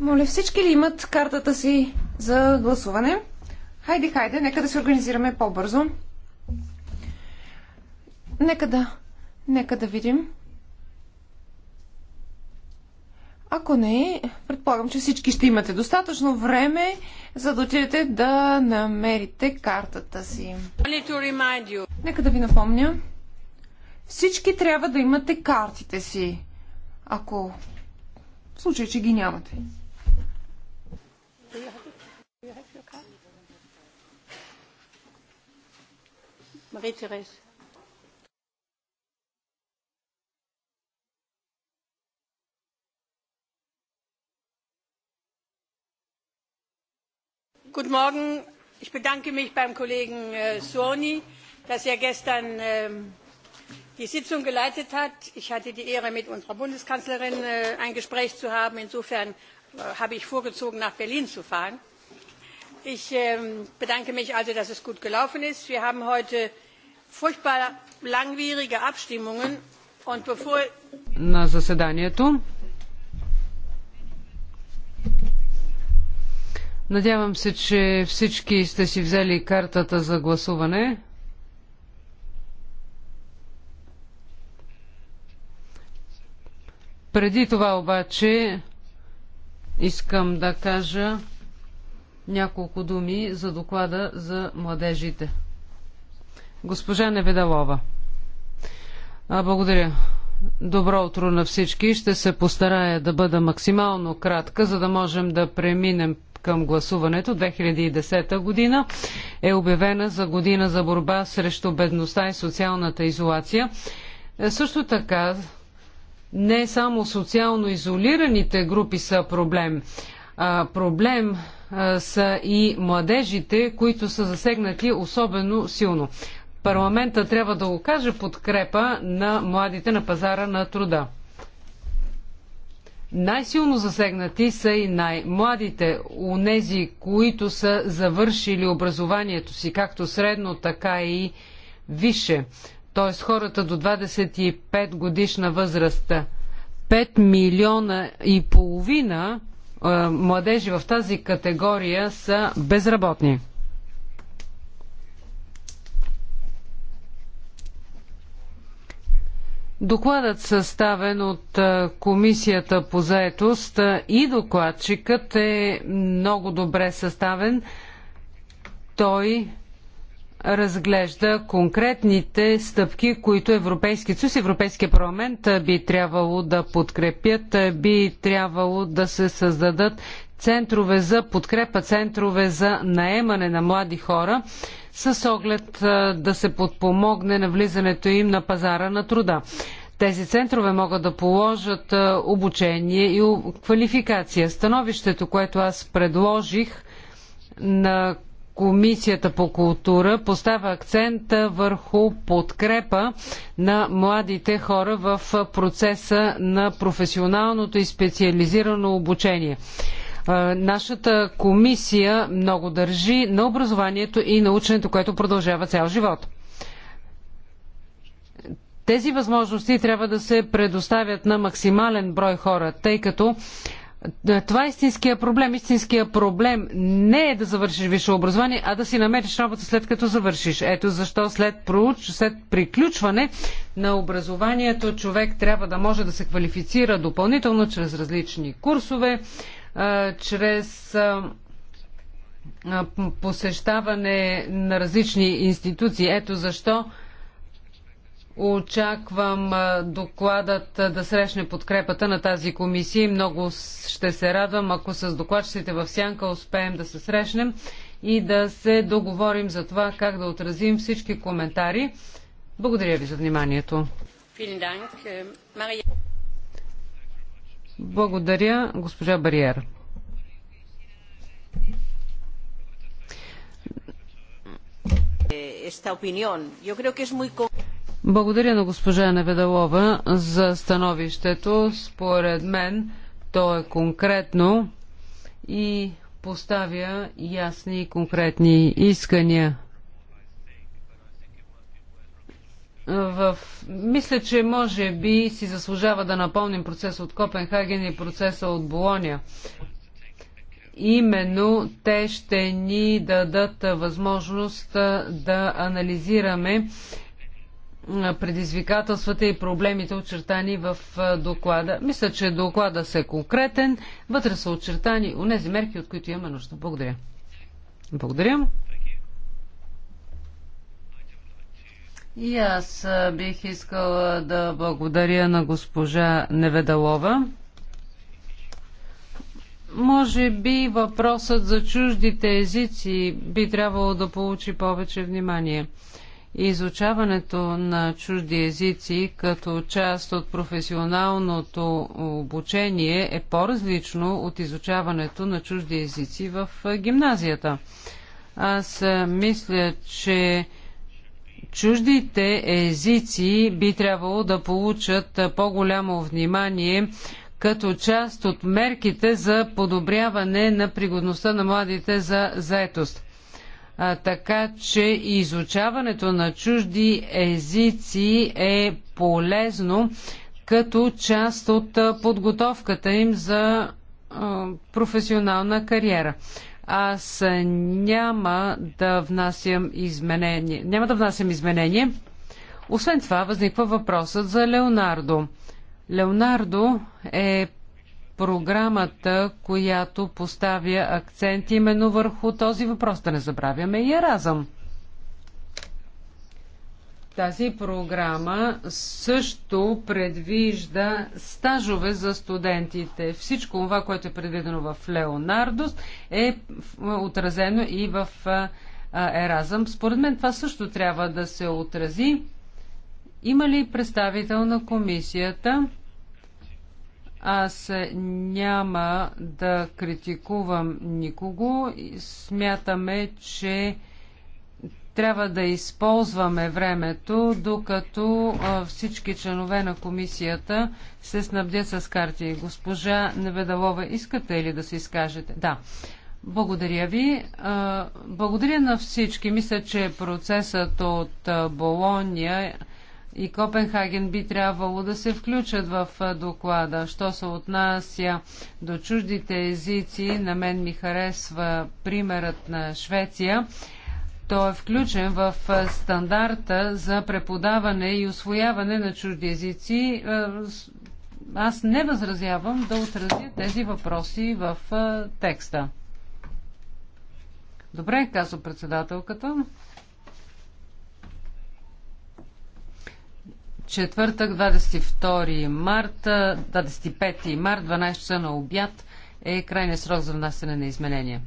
Моля, всички ли имат картата си за гласуване? Хайде, хайде, нека да се организираме по-бързо. Нека да, нека да видим. Ако не, предполагам, че всички ще имате достатъчно време, за да отидете да намерите картата си. Нека да ви напомня. Всички трябва да имате картите си, ако в случай, че ги нямате. Guten Morgen. Ich bedanke mich beim Kollegen Suoni, dass er gestern die Sitzung geleitet hat. Ich hatte die Ehre, mit unserer Bundeskanzlerin ein Gespräch zu haben. Insofern habe ich vorgezogen, nach Berlin zu fahren. Ich bedanke mich also, dass es gut gelaufen ist. Wir haben heute furchtbar langwierige Abstimmungen. Und bevor на заседанието. Надявам се, че всички сте си взели картата за гласуване. Преди това обаче искам да кажа няколко думи за доклада за младежите. Госпожа Неведалова. Благодаря. Добро утро на всички. Ще се постарая да бъда максимално кратка, за да можем да преминем към гласуването. 2010 година е обявена за година за борба срещу бедността и социалната изолация. Е, също така не само социално изолираните групи са проблем. А, проблем а, са и младежите, които са засегнати особено силно. Парламента трябва да окаже подкрепа на младите на пазара на труда. Най-силно засегнати са и най-младите, унези, които са завършили образованието си, както средно, така и више т.е. хората до 25 годишна възраст. 5 милиона и половина младежи в тази категория са безработни. Докладът съставен от Комисията по заетост и докладчикът е много добре съставен. Той разглежда конкретните стъпки, които Европейският съюз и Европейския парламент би трябвало да подкрепят, би трябвало да се създадат центрове за подкрепа, центрове за наемане на млади хора с оглед да се подпомогне на влизането им на пазара на труда. Тези центрове могат да положат обучение и квалификация. Становището, което аз предложих на Комисията по култура поставя акцента върху подкрепа на младите хора в процеса на професионалното и специализирано обучение. Нашата комисия много държи на образованието и наученето, което продължава цял живот. Тези възможности трябва да се предоставят на максимален брой хора, тъй като е, това е истинския проблем. Истинския проблем не е да завършиш висше образование, а да си намериш работа след като завършиш. Ето защо след, проуч, след приключване на образованието човек трябва да може да се квалифицира допълнително чрез различни курсове, е, чрез е, посещаване на различни институции. Ето защо Очаквам докладът да срещне подкрепата на тази комисия и много ще се радвам, ако с докладчиците в Сянка успеем да се срещнем и да се договорим за това как да отразим всички коментари. Благодаря ви за вниманието. Е, Благодаря, госпожа Бариер. Е, esta opinión. Yo creo que es muy благодаря на госпожа Неведалова за становището. Според мен то е конкретно и поставя ясни и конкретни искания. В... Мисля, че може би си заслужава да напомним процеса от Копенхаген и процеса от Болония. Именно те ще ни дадат възможност да анализираме предизвикателствата и проблемите очертани в доклада. Мисля, че доклада се е конкретен. Вътре са очертани нези мерки, от които имаме нужда. Благодаря. Благодаря. И аз бих искала да благодаря на госпожа Неведалова. Може би въпросът за чуждите езици би трябвало да получи повече внимание. Изучаването на чужди езици като част от професионалното обучение е по-различно от изучаването на чужди езици в гимназията. Аз мисля, че чуждите езици би трябвало да получат по-голямо внимание като част от мерките за подобряване на пригодността на младите за заетост. А, така че изучаването на чужди езици е полезно като част от подготовката им за а, професионална кариера. Аз няма да внасям изменение. Няма да внасям изменение. Освен това, възниква въпросът за Леонардо. Леонардо е програмата, която поставя акцент именно върху този въпрос. Да не забравяме и Еразъм. Тази програма също предвижда стажове за студентите. Всичко това, което е предвидено в Леонардос, е отразено и в Еразъм. Според мен това също трябва да се отрази. Има ли представител на комисията? Аз няма да критикувам никого. Смятаме, че трябва да използваме времето, докато всички членове на комисията се снабдят с карти. Госпожа Неведалова, искате ли да се изкажете? Да. Благодаря ви. Благодаря на всички. Мисля, че процесът от Болония и Копенхаген би трябвало да се включат в доклада. Що се отнася до чуждите езици, на мен ми харесва примерът на Швеция. Той е включен в стандарта за преподаване и освояване на чужди езици. Аз не възразявам да отразя тези въпроси в текста. Добре, казва председателката. четвъртък, 22 марта, 25 март, 12 часа на обяд е крайният срок за внасяне на изменения.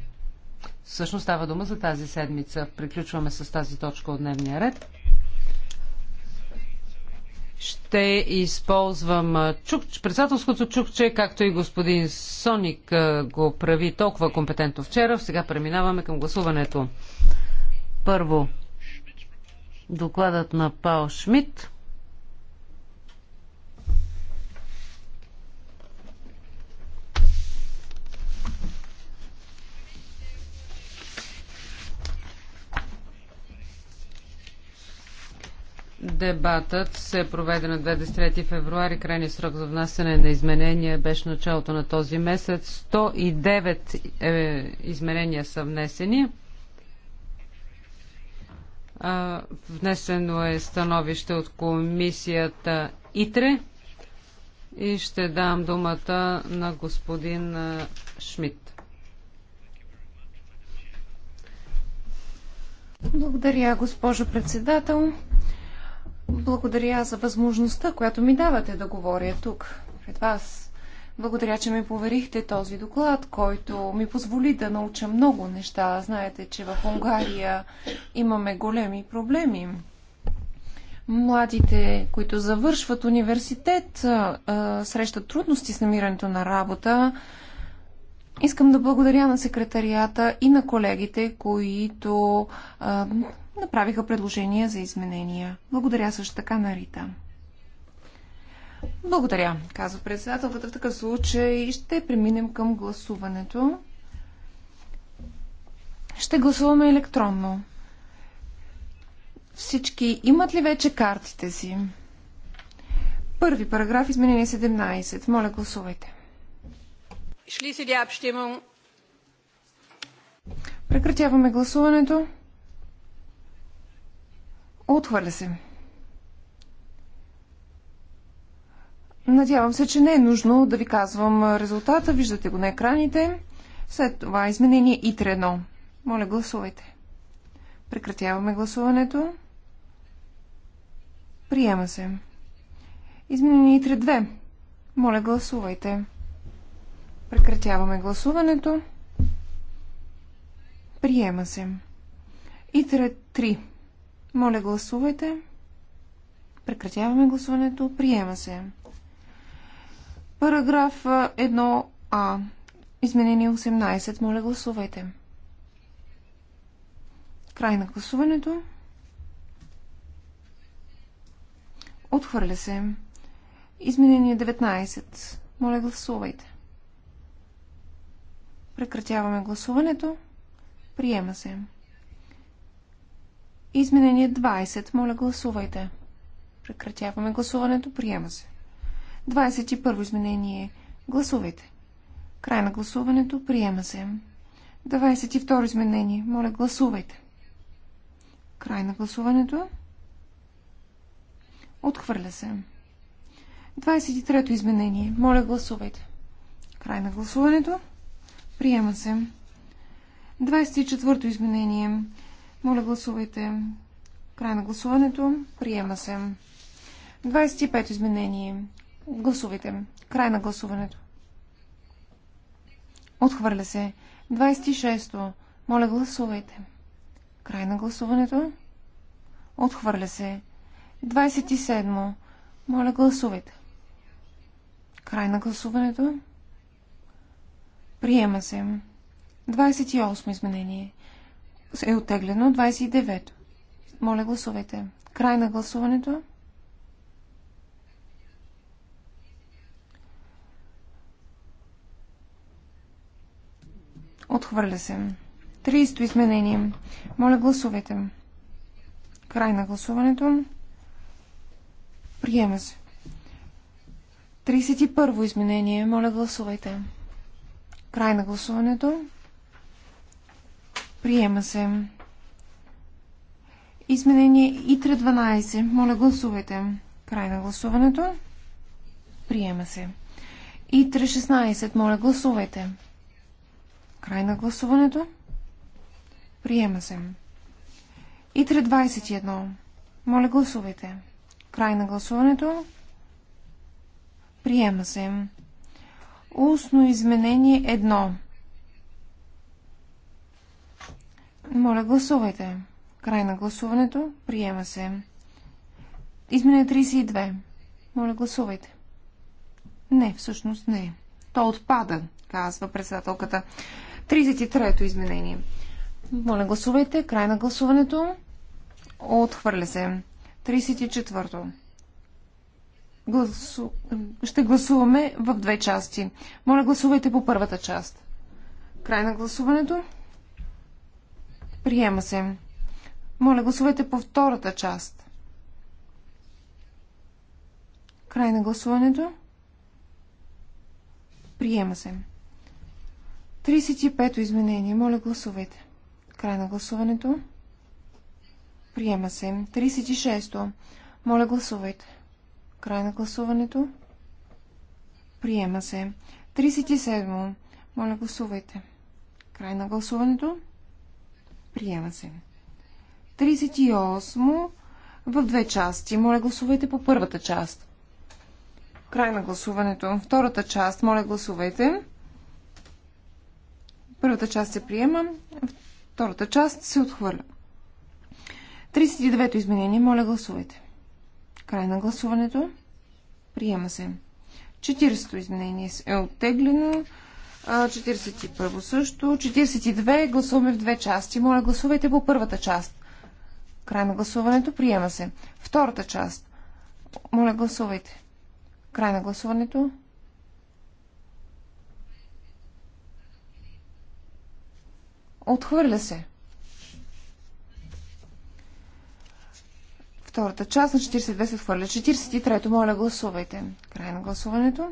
Всъщност става дума за тази седмица. Приключваме с тази точка от дневния ред. Ще използвам чук, председателското чукче, както и господин Соник го прави толкова компетентно вчера. Сега преминаваме към гласуването. Първо, докладът на Пао Шмидт. Дебатът се проведе на 23 февруари. Крайният срок за внасяне на изменения беше началото на този месец. 109 е, изменения са внесени. А, внесено е становище от комисията ИТРЕ и ще дам думата на господин Шмидт. Благодаря, госпожо председател. Благодаря за възможността, която ми давате да говоря тук пред вас. Благодаря, че ми поверихте този доклад, който ми позволи да науча много неща. Знаете, че в Унгария имаме големи проблеми. Младите, които завършват университет, срещат трудности с намирането на работа. Искам да благодаря на секретарията и на колегите, които направиха предложения за изменения. Благодаря също така на Рита. Благодаря, казва председателката. В такъв случай ще преминем към гласуването. Ще гласуваме електронно. Всички имат ли вече картите си? Първи параграф, изменение 17. Моля, гласувайте. Прекратяваме гласуването. Отхвърля се. Надявам се, че не е нужно да ви казвам резултата. Виждате го на екраните. След това изменение и 3-1. Моля, гласувайте. Прекратяваме гласуването. Приема се. Изменение и 3-2. Моля, гласувайте. Прекратяваме гласуването. Приема се. И 3. Моля, гласувайте. Прекратяваме гласуването. Приема се. Параграф 1а. Изменение 18. Моля, гласувайте. Край на гласуването. Отхвърля се. Изменение 19. Моля, гласувайте. Прекратяваме гласуването. Приема се. Изменение 20. Моля, гласувайте. Прекратяваме гласуването. Приема се. 21 изменение. Гласувайте. Край на гласуването. Приема се. 22 изменение. Моля, гласувайте. Край на гласуването. Отхвърля се. 23 изменение. Моля, гласувайте. Край на гласуването. Приема се. 24-то изменение. Моля, гласувайте. Край на гласуването. Приема се. 25 изменение. Гласувайте. Край на гласуването. Отхвърля се. 26-то. Моля, гласувайте. Край на гласуването. Отхвърля се. 27-мо. Моля, гласувайте. Край на гласуването. Приема се. 28 изменение е отеглено. 29. Моля, гласувайте. Край на гласуването. Отхвърля се. 30 изменение. Моля, гласувайте. Край на гласуването. Приема се. 31 изменение. Моля, гласувайте. Край на гласуването. Приема се. Изменение ИТРА 12. Моля, гласувайте. Край на гласуването. Приема се. ИТРА 16. Моля, гласувайте. Край на гласуването. Приема се. ИТРА 21. Моля, гласувайте. Край на гласуването. Приема се. Устно изменение 1. Моля, гласувайте. Край на гласуването. Приема се. Измене 32. Моля, гласувайте. Не, всъщност не. То отпада, казва председателката. 33-то изменение. Моля, гласувайте. Край на гласуването. Отхвърля се. 34-то. Гласу... Ще гласуваме в две части. Моля, гласувайте по първата част. Край на гласуването. Приема се. Моля, гласувайте по втората част. Край на гласуването. Приема се. 35-то изменение. Моля, гласувайте. Край на гласуването. Приема се. 36-то. Моля, гласувайте. Край на гласуването. Приема се. 37-то. Моля, гласувайте. Край на гласуването. Приема се. 38 в две части. Моля, гласувайте по първата част. Край на гласуването. Втората част. Моля, гласувайте. Първата част се приема. Втората част се отхвърля. 39-то изменение. Моля, гласувайте. Край на гласуването. Приема се. 40-то изменение е оттеглено. 41 също. 42 гласуваме в две части. Моля, гласувайте по първата част. Край на гласуването. Приема се. Втората част. Моля, гласувайте. Край на гласуването. Отхвърля се. Втората част на 42 се отхвърля. 43-то, моля, гласувайте. Край на гласуването.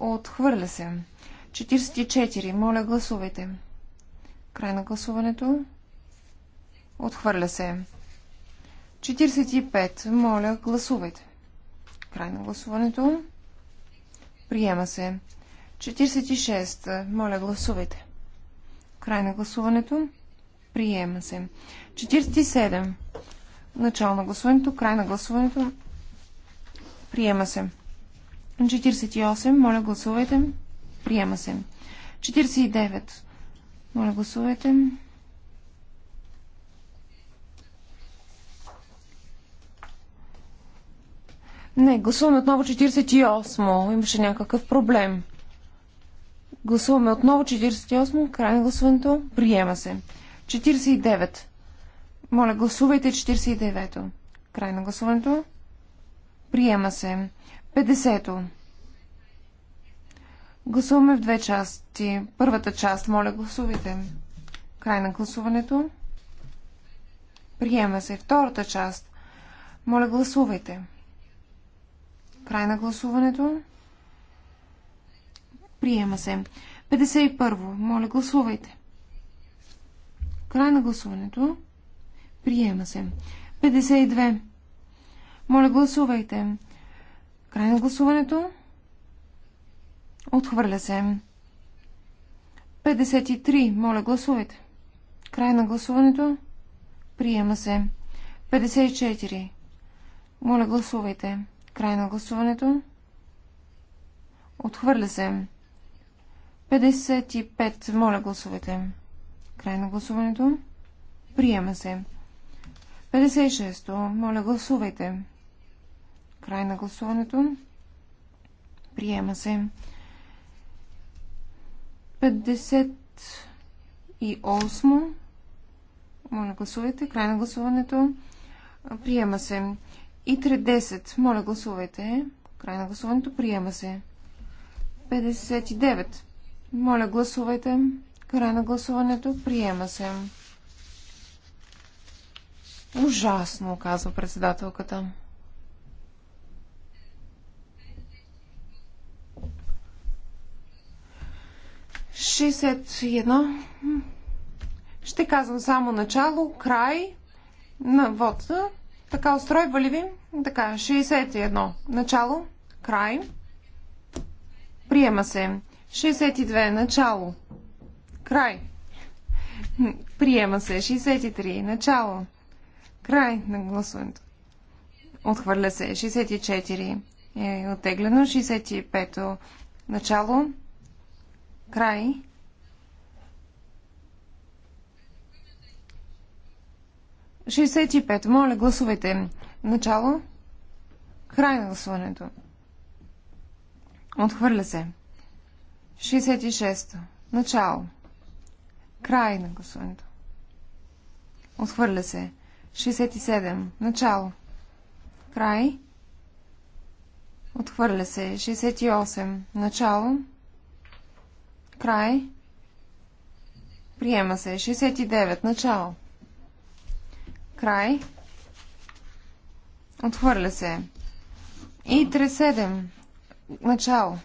Отхвърля се. 44. Моля, гласувайте. Край на гласуването. Отхвърля се. 45. Моля, гласувайте. Край на гласуването. Приема се. 46. Моля, гласувайте. Край на гласуването. Приема се. 47. Начало на гласуването. Край на гласуването. Приема се. 48. Моля, гласувайте. Приема се. 49. Моля, гласувайте. Не, гласуваме отново 48. Имаше някакъв проблем. Гласуваме отново 48. Край на гласуването. Приема се. 49. Моля, гласувайте 49 Край на гласуването. Приема се. 50-то. Гласуваме в две части. Първата част, моля, гласувайте. Край на гласуването. Приема се. Втората част. Моля, гласувайте. Край на гласуването. Приема се. 51. Моля, гласувайте. Край на гласуването. Приема се. 52. Моля, гласувайте. Край на гласуването. Отхвърля се. 53. Моля, гласувайте. Край на гласуването. Приема се. 54. Моля, гласувайте. Край на гласуването. Отхвърля се. 55. Моля, гласувайте. Край на гласуването. Приема се. 56. Моля, гласувайте. Край на гласуването. Приема се. 58. Моля, гласувайте. Край на гласуването. Приема се. И 30. Моля, гласувайте. Край на гласуването. Приема се. 59. Моля, гласувайте. Край на гласуването. Приема се. Ужасно, казва председателката. 61. Ще казвам само начало, край на вода. Така устройва ли ви? Така, 61. Начало, край. Приема се. 62. Начало. Край. Приема се. 63. Начало. Край на гласуването. Отхвърля се. 64. Е оттеглено. 65. Начало. Край. Шестьдесят и пет. Моля, гласувайте. Начало. Край на гласуването. Отхвърля се. 66. Начало. Край на гласуването. Отхвърля се. 67. Начало. Край. Отхвърля се. 68. Начало край. Приема се. 69. Начало. Край. Отхвърля се. И 37. Начало.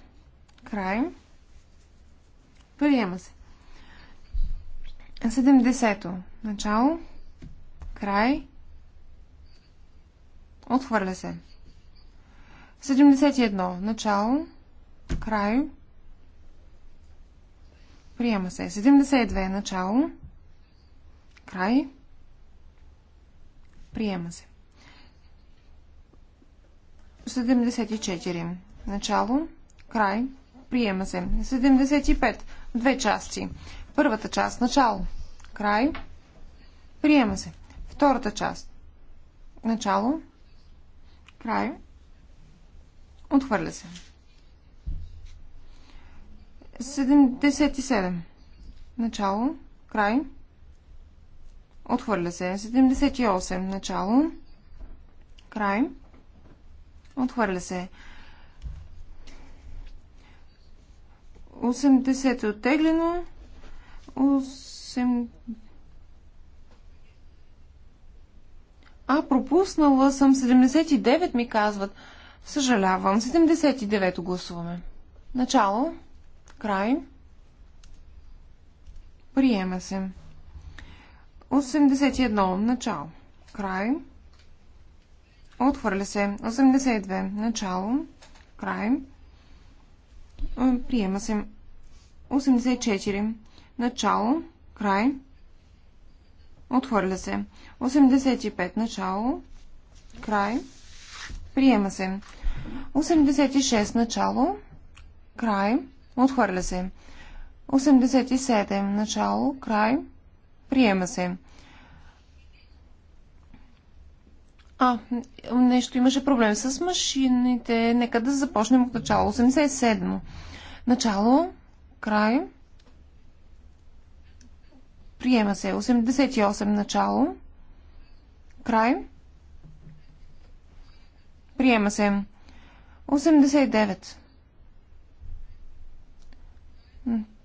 Край. Приема се. 70. Начало. Край. Отхвърля се. 71. Начало. Край. Приема се. 72 начало. Край. Приема се. 74. Начало. Край. Приема се. 75. Две части. Първата част. Начало. Край. Приема се. Втората част. Начало. Край. Отхвърля се. 77. Начало. Край. Отхвърля се. 78. Начало. Край. Отхвърля се. 80 е оттеглено. 8... А, пропуснала съм. 79 ми казват. Съжалявам. 79 гласуваме. Начало. Начало. Край. Приема се. 81. Начало. Край. Отхвърля се. 82. Е, Начало. Край. Приема се. 84. Начало. Край. Отхвърля се. 85. Начало. Край. Приема се. 86. Начало. Край. Отхвърля се. 87. Начало, край. Приема се. А, нещо имаше проблем с машините. Нека да започнем от начало. 87. Начало, край. Приема се. 88. Начало, край. Приема се. 89.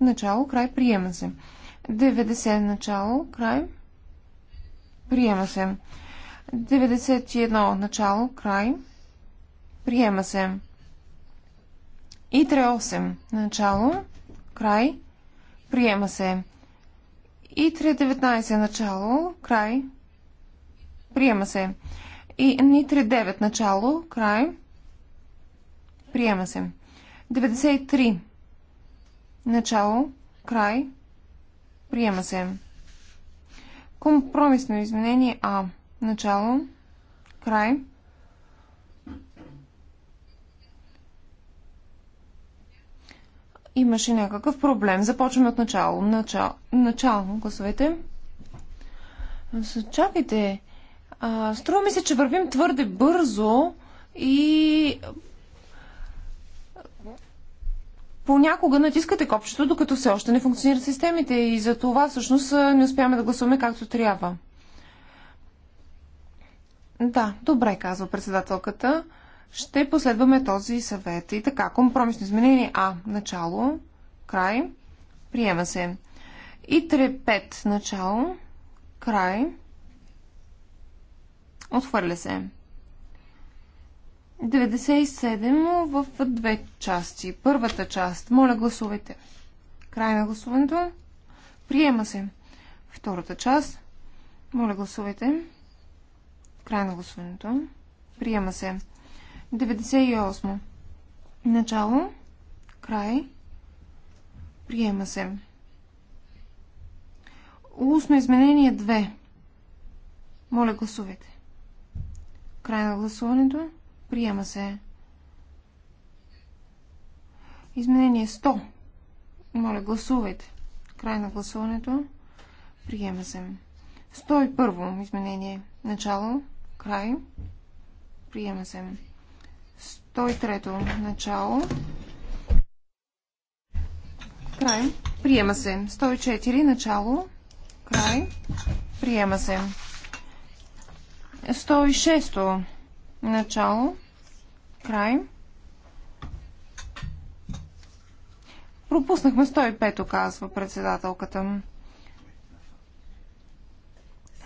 начало, край, приема се. 90 начало, край, приема се. 91 начало, край, приема се. И 38 начало, край, приема се. И 3.19 начало, край, приема се. И 3.9 начало, край, приема се. 93 Начало, край, приема се. Компромисно изменение А. Начало, край. Имаше някакъв проблем. Започваме от начало. Начало, начало гласовете. Чакайте. А, струва ми се, че вървим твърде бързо и понякога натискате копчето, докато все още не функционират системите и за това всъщност не успяваме да гласуваме както трябва. Да, добре, казва председателката. Ще последваме този съвет. И така, компромисно изменение А. Начало. Край. Приема се. И 3-5. Начало. Край. Отхвърля се. 97 в две части. Първата част. Моля, гласувайте. Край на гласуването. Приема се. Втората част. Моля, гласувайте. Край на гласуването. Приема се. 98. Начало. Край. Приема се. Устно изменение 2. Моля, гласувайте. Край на гласуването. Приема се. Изменение 100. Моля, гласувайте. Край на гласуването. Приема се. 101 изменение. Начало. Край. Приема се. 103 начало. Край. Приема се. 104 начало. Край. Приема се. 106 начало. Край. Пропуснахме 105-то, казва председателката.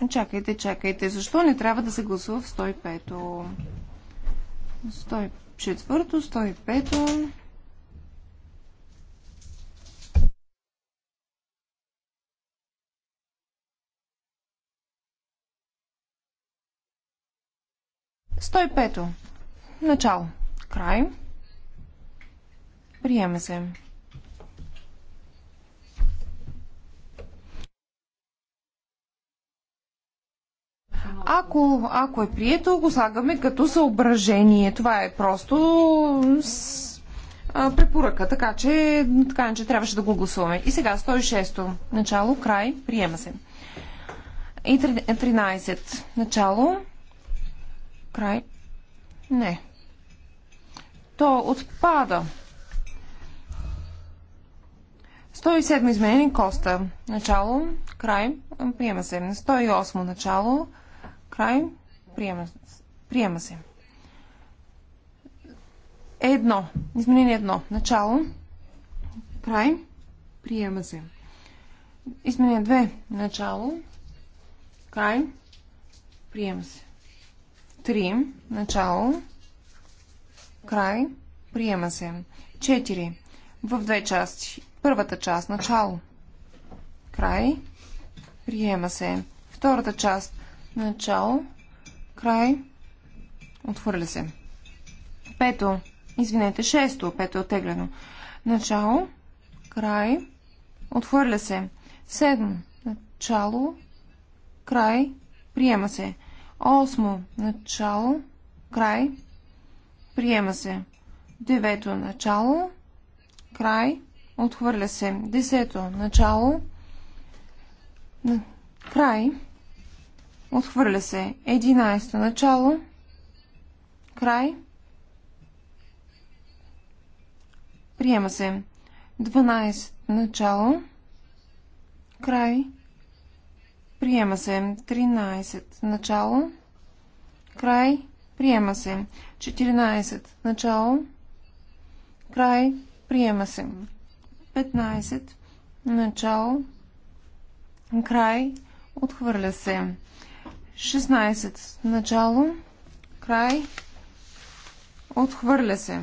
Чакайте, чакайте. Защо не трябва да се гласува в 105-то? 104-то, 105-то. Стой пето. Начало. Край. Приема се. Ако, ако е прието, го слагаме като съображение. Това е просто с, а, препоръка, така че, така че трябваше да го гласуваме. И сега 106-то. Начало, край, приема се. И 13. Начало, край. Не. То отпада. 107 изменени коста. Начало, край, приема се. 108 начало, край, приема, приема се. Едно. Изменение едно. Начало, край, приема се. Изменение 2. Начало, край, приема се. Три Начало, Край. Приема се. 4. В две части. Първата част. Начало. Край. Приема се. Втората част. Начало. Край. Отвърля се. Пето. Извинете, шесто. Пето е оттеглено. Начало. Край. Отвърля се. Седмо. Начало. Край. Приема се. Осмо. Начало. Край. Приема се. Девето начало. Край. Отхвърля се. Десето начало. Край. Отхвърля се. Единайсто начало. Край. Приема се. Дванайсто начало. Край. Приема се. Тринайсто начало. Край. приема се. Приема се. 14. Начало. Край. Приема се. 15. Начало. Край. Отхвърля се. 16. Начало. Край. Отхвърля се.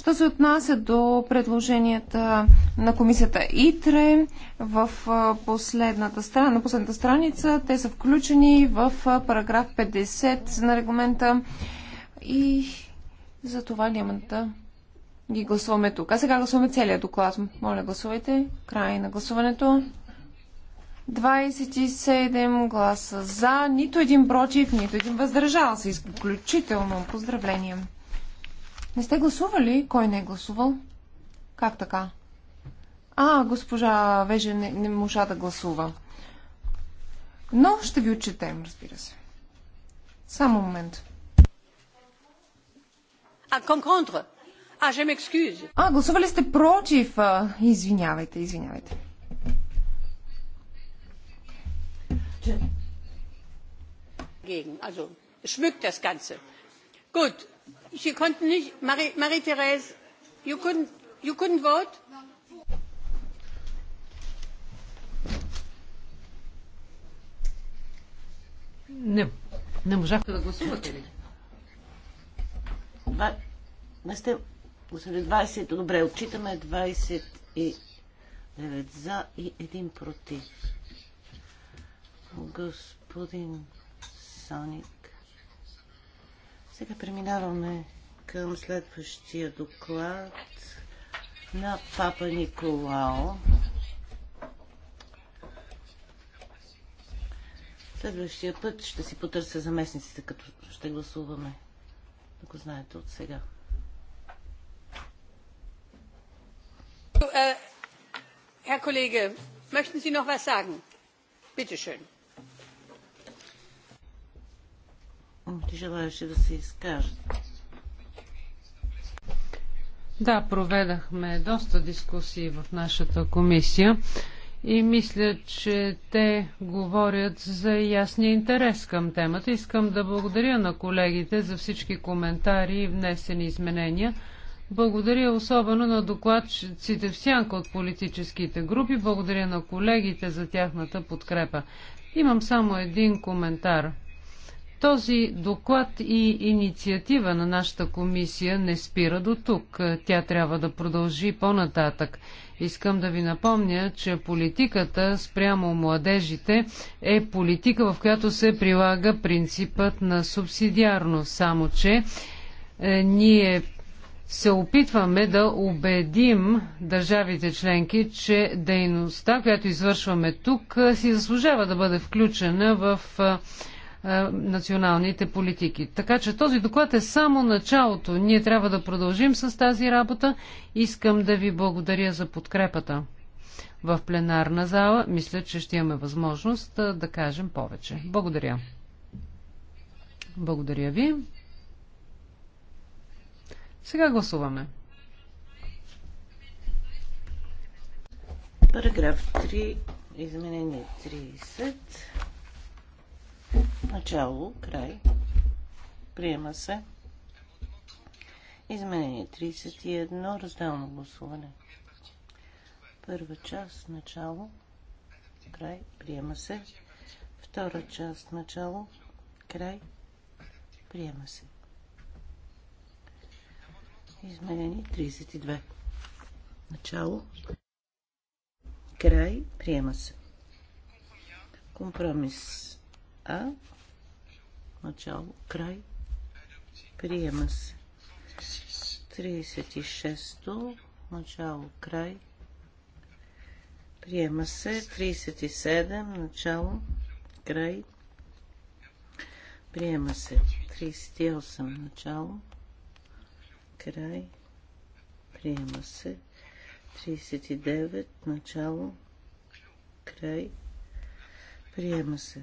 Що се отнася до предложенията на комисията ИТРЕ в последната страна, на последната страница, те са включени в параграф 50 на регламента и за това няма да ги гласуваме тук. А сега гласуваме целия доклад. Моля, гласувайте. Край на гласуването. 27 гласа за, нито един против, нито един въздържал се. Изключително поздравления. Не сте гласували? Кой не е гласувал? Как така? А, госпожа Веже не, не можа да гласува. Но ще ви отчетем, разбира се. Само момент. А, конконтра. А, же m'excuse. А, гласували сте против. Извинявайте, извинявайте. Gegen, also schmückt das Ganze. Gut, sie konnten nicht. Marie, Marie Therese, you couldn't, you couldn't vote? Не, не можахте да гласувате ли? Два, не сте, 20, добре, отчитаме 29 за и 1 против. Господин Соник сега преминаваме към следващия доклад на Папа Николао. Следващия път ще си потърся заместниците, като ще гласуваме. Да го знаете от сега. Herr Kollege, möchten Sie noch was sagen? Bitte schön. да се Да, проведахме доста дискусии в нашата комисия и мисля, че те говорят за ясния интерес към темата. Искам да благодаря на колегите за всички коментари и внесени изменения. Благодаря особено на докладчиците в сянка от политическите групи. Благодаря на колегите за тяхната подкрепа. Имам само един коментар. Този доклад и инициатива на нашата комисия не спира до тук. Тя трябва да продължи по-нататък. Искам да ви напомня, че политиката спрямо младежите е политика, в която се прилага принципът на субсидиарност. Само, че е, ние се опитваме да убедим държавите членки, че дейността, която извършваме тук, е, си заслужава да бъде включена в е, е, националните политики. Така че този доклад е само началото. Ние трябва да продължим с тази работа. Искам да ви благодаря за подкрепата. В пленарна зала мисля, че ще имаме възможност е, да кажем повече. Благодаря. Благодаря ви. Сега гласуваме. Параграф 3, изменение 30. Начало, край. Приема се. Изменение 31. Разделно гласуване. Първа част. Начало. Край. Приема се. Втора част. Начало. Край. Приема се. Изменение 32. Начало. Край. Приема се. Компромис а. Начало, край. Приема се. 36-то. Начало, край. Приема се. 37. Начало, край. Приема се. 38. Начало, край. Приема се. 39. Начало, край. Приема се.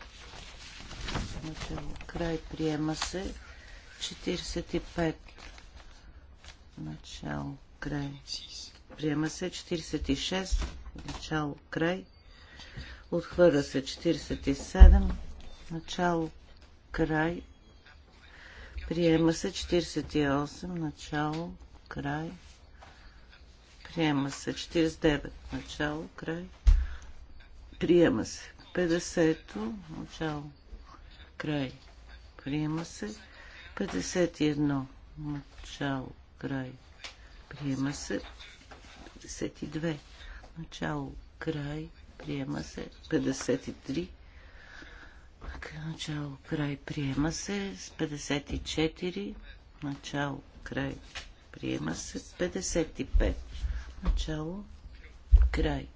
Начало, край, приема се. 45. Начало, край. Приема се. 46. Начало, край. Отхвърля се. 47. Начало, край. Приема се. 48. Начало, край. Приема се. 49. Начало, край. Приема се. 50 Начало, край. Приема се. 51. Начало, край. Приема се. 52. Начало, край. Приема се. 53. Начало, край. Приема се. 54. Начало, край. Приема се. 55. Начало, край.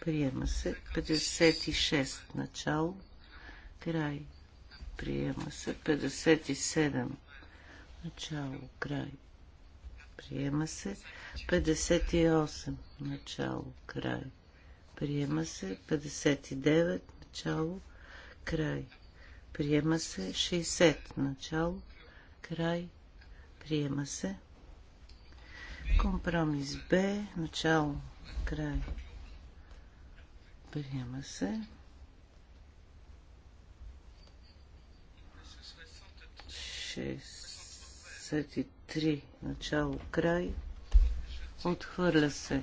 Приема се. 56. Начало, край. Приема се 57. Начало, край. Приема се 58. Начало, край. Приема се 59. Начало, край. Приема се 60. Начало, край. Приема се. Компромис Б. Начало, край. Приема се. 63 начало край. Отхвърля се.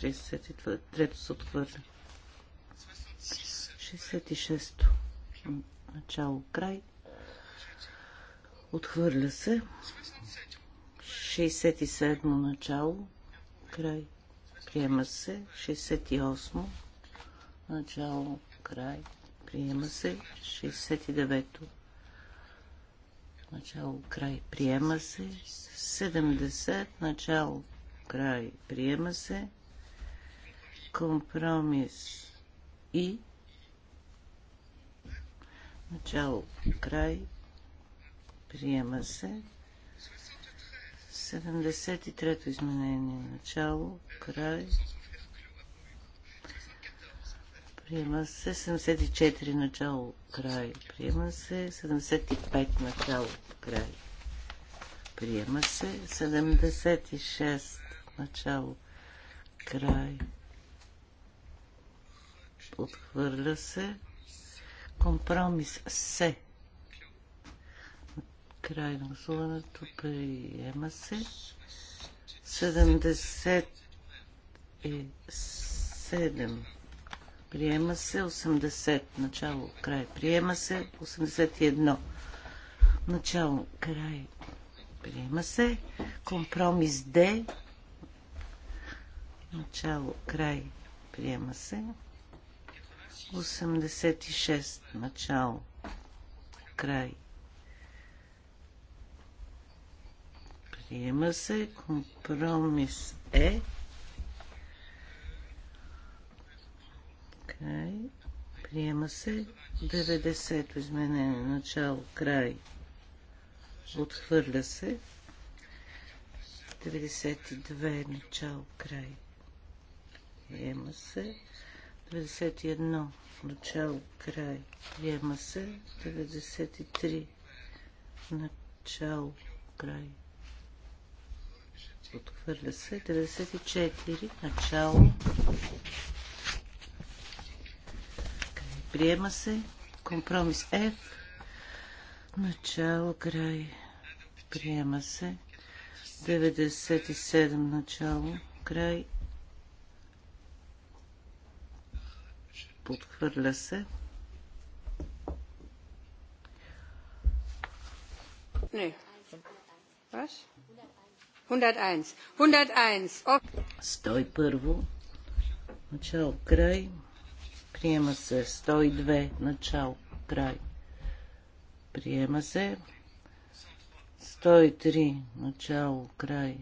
63-то се отхвърля. 66-то начало край. Отхвърля се. 67 начало край. Приема се. 68 начало край. Приема се. 69-то начало, край, приема се. 70, начало, край, приема се. Компромис и начало, край, приема се. 73-то изменение, начало, край, Приема се 74 начало край. Приема се 75 начало край. Приема се 76 начало край. Отхвърля се. Компромис се. Край на гласуването. Приема се. 77 Приема се 80. Начало, край. Приема се 81. Начало, край. Приема се. Компромис Д. Начало, край. Приема се. 86. Начало, край. Приема се. Компромис Е. E. край. Приема се 90-то изменение. Начало, край. Отхвърля се. 92 начало, край. Приема се. 91 начало, край. Приема се. 93 начало, край. Отхвърля се. 94 начало, Приема се. Компромис F. Начало, край. Приема се. 97 начало, край. Подхвърля се. Не. Was? 101. 101. Стой първо. Начало, край. Приема се 102 начало, край. Приема се 103 начало, край.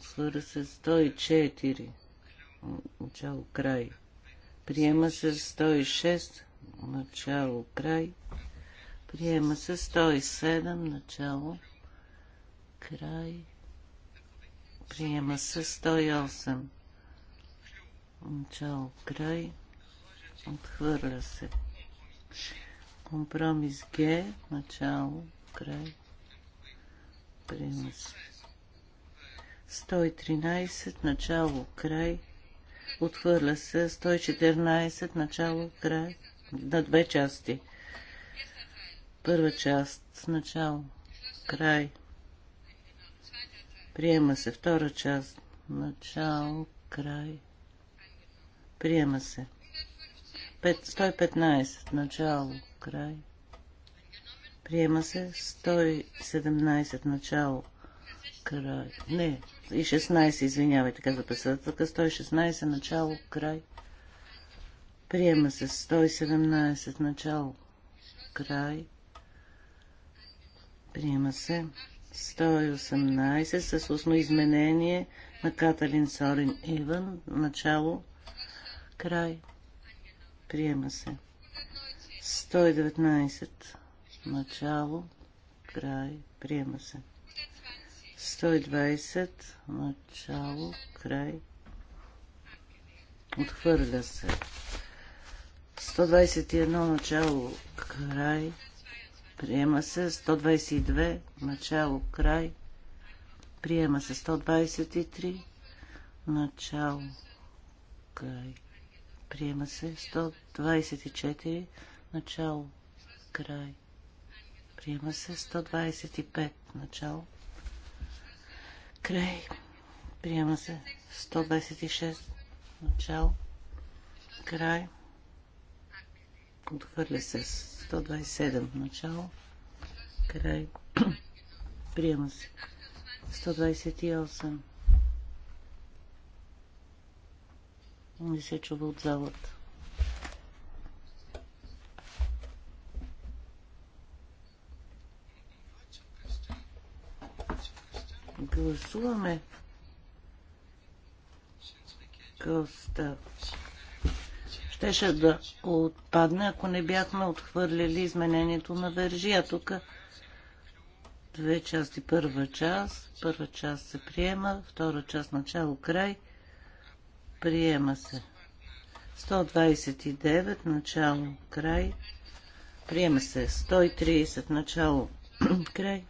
Свърза се 104 начало, край. Приема се 106 начало, край. Приема се 107 начало, край. Приема се 108 начало, край, отхвърля се. Компромис Г, начало, край, приема се. 113, начало, край, отхвърля се. 114, начало, край, на две части. Първа част, начало, край, приема се. Втора част, начало, край, Приема се. 115. Начало. Край. Приема се 117 начало. Край. Не, и 16, извинявайте, казва председателка. 116 начало. Край. Приема се 117 начало. Край. Приема се 118 с устно изменение на Каталин Сорин Иван. Начало. Край. Приема се. 119. Начало. Край. Приема се. 120. Начало. Край. Отхвърля се. 121. Начало. Край. Приема се. 122. Начало. Край. Приема се. 123. Начало. Край. Приема се 124. Начало. Край. Приема се 125. Начало. Край. Приема се 126. Начало. Край. Отхвърля се 127. Начало. Край. Приема се 128. Не се чува от залата. Гласуваме. Гласта. Щеше да отпадне, ако не бяхме отхвърлили изменението на вержия. Тук две части. Първа част. Първа част се приема. Втора част начало край. Приема се. 129 начало, край. Приема се. 130 начало, край.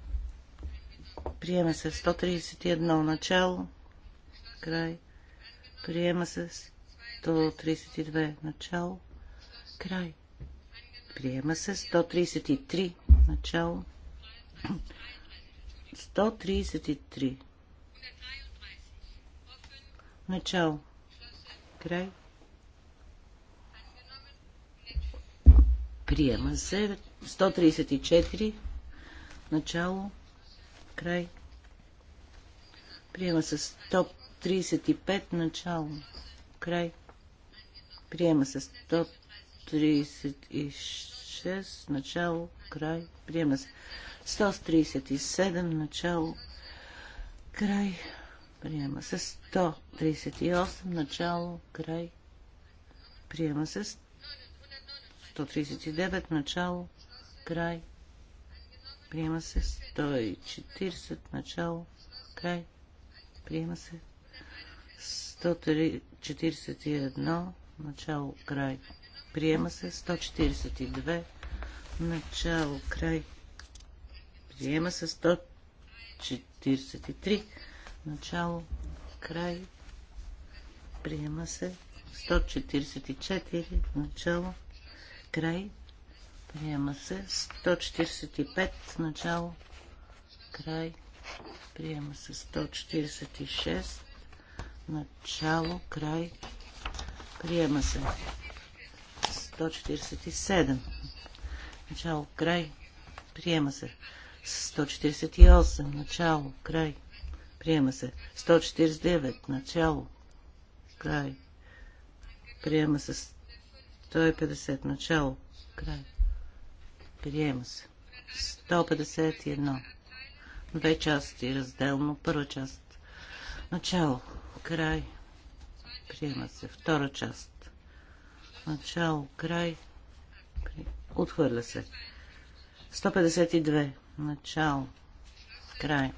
Приема се. 131 начало, край. Приема се. 132 начало, край. Приема се. 133 начало. 133 начало. Край. Приема се. 134. Начало. Край. Приема се 135. Начало. Край. Приема се 136. Начало. Край. Приема се 137. Начало. Край. Приема се 138. Начало, край. Приема се 139. Начало, край. Приема се 140. Начало, край. Приема се 141. Начало, край. Приема се 142. Начало, край. Приема се 143. Начало, край, приема се. 144, начало, край, приема се. 145, начало, край, приема се. 146, начало, край, приема се. 147, начало, край, приема се. 148, начало, край, Приема се. 149. Начало. Край. Приема се. 150. Начало. Край. Приема се. 151. Две части разделно. Първа част. Начало. Край. Приема се. Втора част. Начало. Край. Отхвърля се. 152. Начало. Край.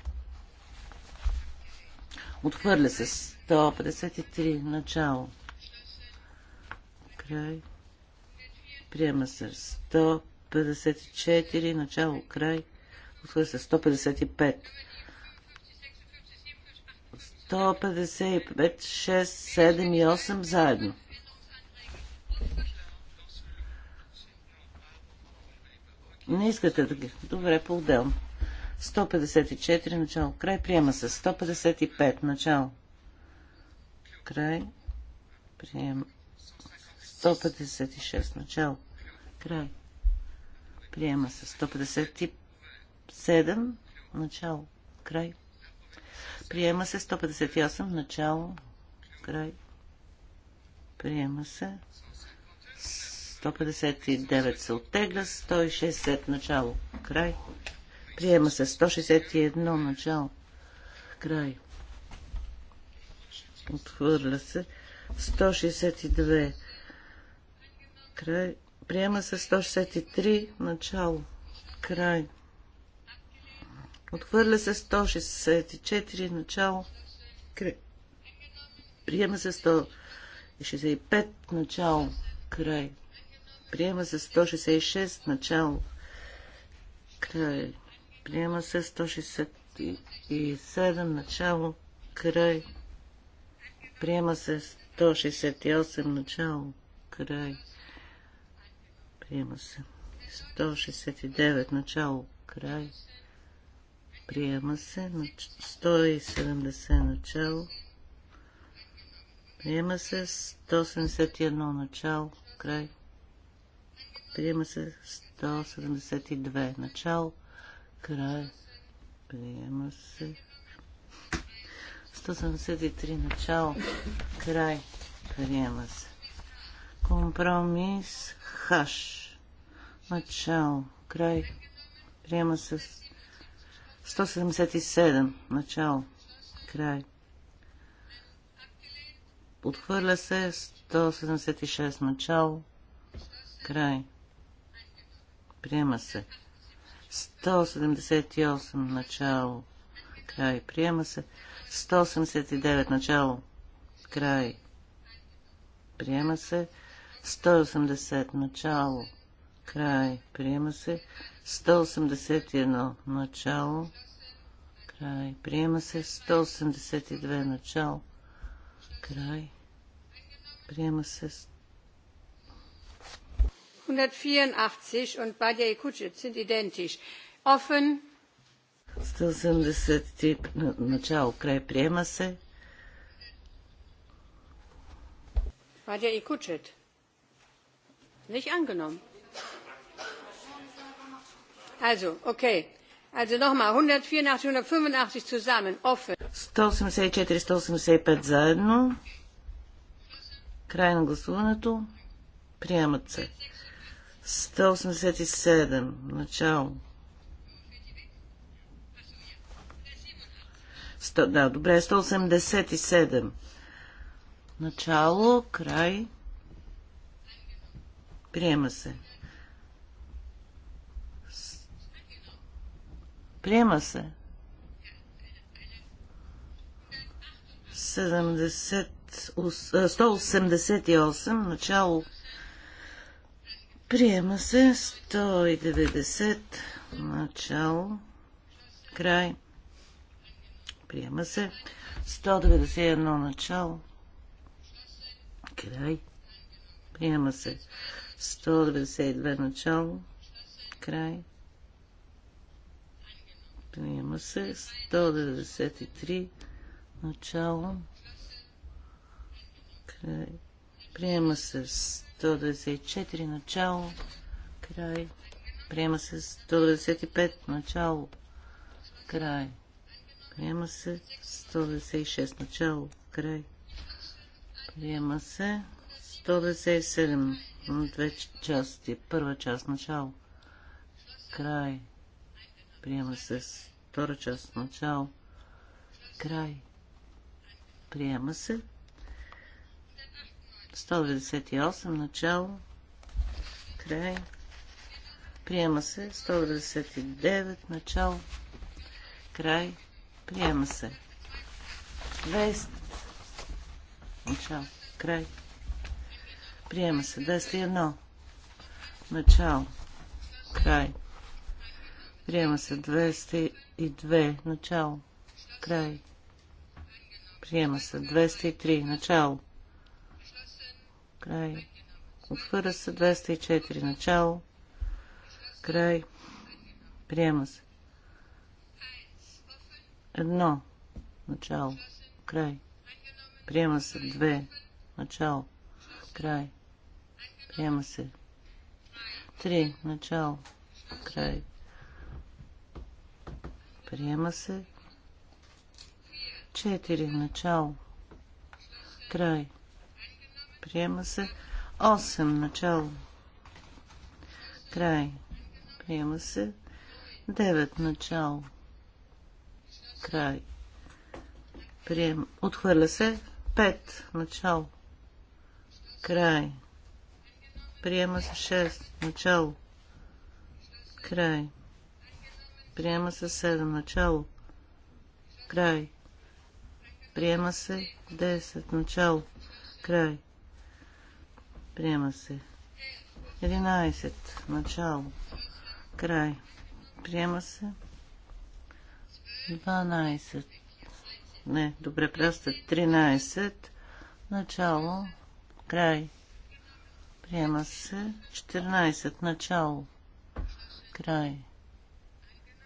Отхвърля се 153. Начало. Край. Приема се 154. Начало. Край. Отхвърля се 155. 155, 6, 7 и 8 заедно. Не искате да ги. Добре, по-отделно. 154 начало край. Приема се. 155 начало край. Приема. 156 начало край. Приема се. 157 начало край. Приема се. 158 начало край. Приема се. 159 се оттегля. 160 начало край. Приема се 161 начало. Край. Отхвърля се. 162. Край. Приема се 163 начало. Край. Отхвърля се 164 начало. Край. Приема се 165 начало. Край. Приема се 166 начало. Край. Приема се 167 начало, край. Приема се 168 начало, край. Приема се 169 начало, край. Приема се 170 начало. Приема се 171 начало, край. Приема се 172 начало, Край. Приема се. 173 начало. Край. Приема се. Компромис. Хаш. Начало. Край. Приема се. 177. Начало. Край. Отхвърля се 176 начало. Край. Приема се. 178 начало, край, приема се. 189 начало, край, приема се. 180 начало, край, приема се. 181 начало, край, приема се. 182 начало, край, приема се. 184 und Badia Ikucic sind identisch. Offen. Nicht angenommen. Also, okay. Also nochmal, 184, 185 zusammen, offen. 184, 185 заедно. Край 187. Начало. 100, да, добре, 187. Начало, край. Приема се. Приема се. 70, 188, начало, Приема се 190 начало, край. Приема се 191 начало, край. Приема се 192 начало, край. Приема се 193 начало, край. Приема се 194 начало, край. Приема се 195 начало, край. Приема се 196 начало, край. Приема се 197 на две части. Първа част начало, край. Приема се втора част начало, край. Приема се 198 начало, край. Приема се. 199 начало, край. Приема се. 200 начало, край. Приема се. 201 начало, край. Приема се 202. Начало. Край. Приема се 203. Начало край. Отхвърля се 204. Начало. Край. Приема се. Едно. Начало. Край. Приема се. Две. Начало. Край. Приема се. Три. Начало. Край. Приема се. Четири. Начало. Край. Приема се. 8. Начало. Край. Приема се. 9. Начало. Край. Приема. Отхвърля се. 5. Начало. Край. Приема се 6. Начало. Край. Приема се 7. Начало. Край. Приема се 10. Начало. Край. Приема се. 11. Начало. Край. Приема се. 12. Не, добре, пряста. 13. Начало. Край. Приема се. 14. Начало. Край.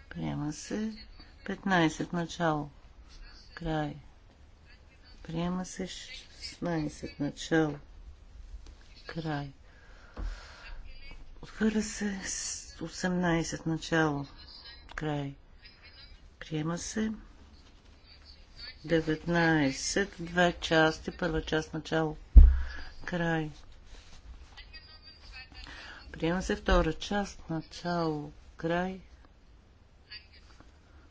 Приема се. 15. Начало. Край. Приема се 16. Начало. Край. Отхвърля се 18 начало. Край. Приема се 19. Две части. Първа част начало. Край. Приема се втора част. Начало. Край.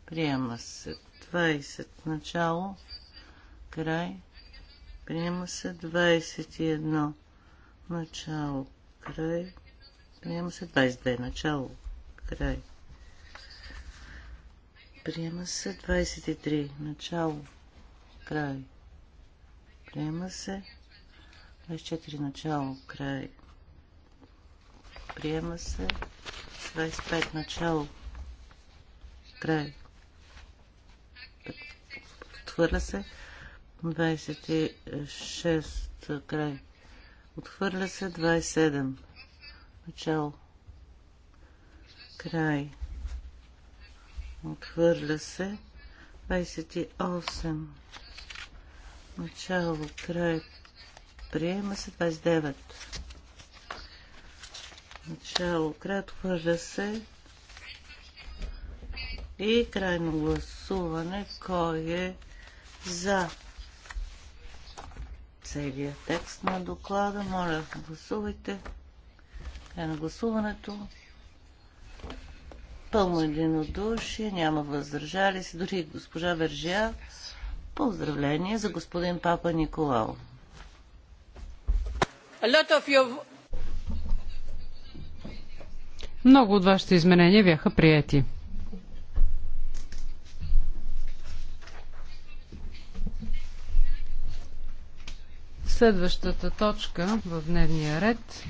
Приема се 20. Начало. Край. Приема се 21. Начало, край. Приема се 22. Начало, край. Приема се 23. Начало, край. Приема се 24. Начало, край. Приема се 25. Начало, край. Отхвърля се 26. Край. Отхвърля се 27. Начало. Край. Отхвърля се 28. Начало. Край. Приема се 29. Начало. Край. Отхвърля се. И крайно гласуване. Кой е за? целият текст на доклада. Моля, гласувайте. Е на гласуването. Пълно единодушие, няма въздържали се. Дори госпожа Вержия, поздравление за господин Папа Николао. Много от вашите изменения бяха прияти. Следващата точка в дневния ред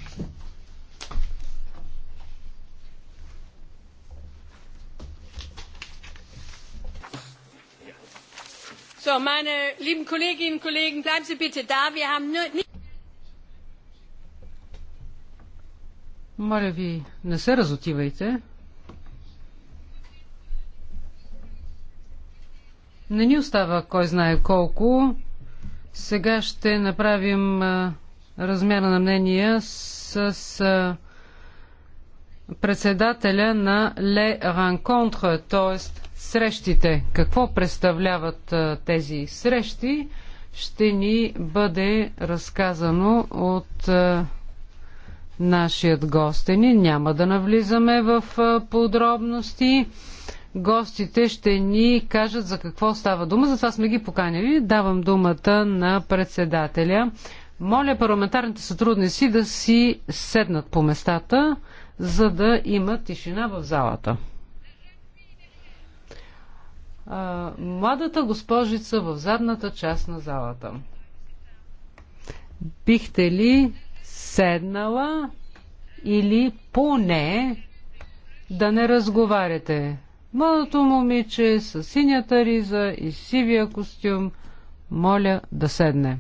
So, meine lieben Kolleginnen und Kollegen, bleiben Sie bitte da. Wir haben nur... Моля ви, не се разотивайте. Не ни остава кой знае колко. Сега ще направим размяна на мнения с, а, председателя на Le Rencontre, т.е. срещите. Какво представляват тези срещи, ще ни бъде разказано от нашият гостени. Няма да навлизаме в подробности гостите ще ни кажат за какво става дума. Затова сме ги поканили. Давам думата на председателя. Моля парламентарните сътрудници да си седнат по местата, за да има тишина в залата. А, младата госпожица в задната част на залата. Бихте ли седнала или поне да не разговаряте? Младото момиче с синята риза и сивия костюм моля да седне.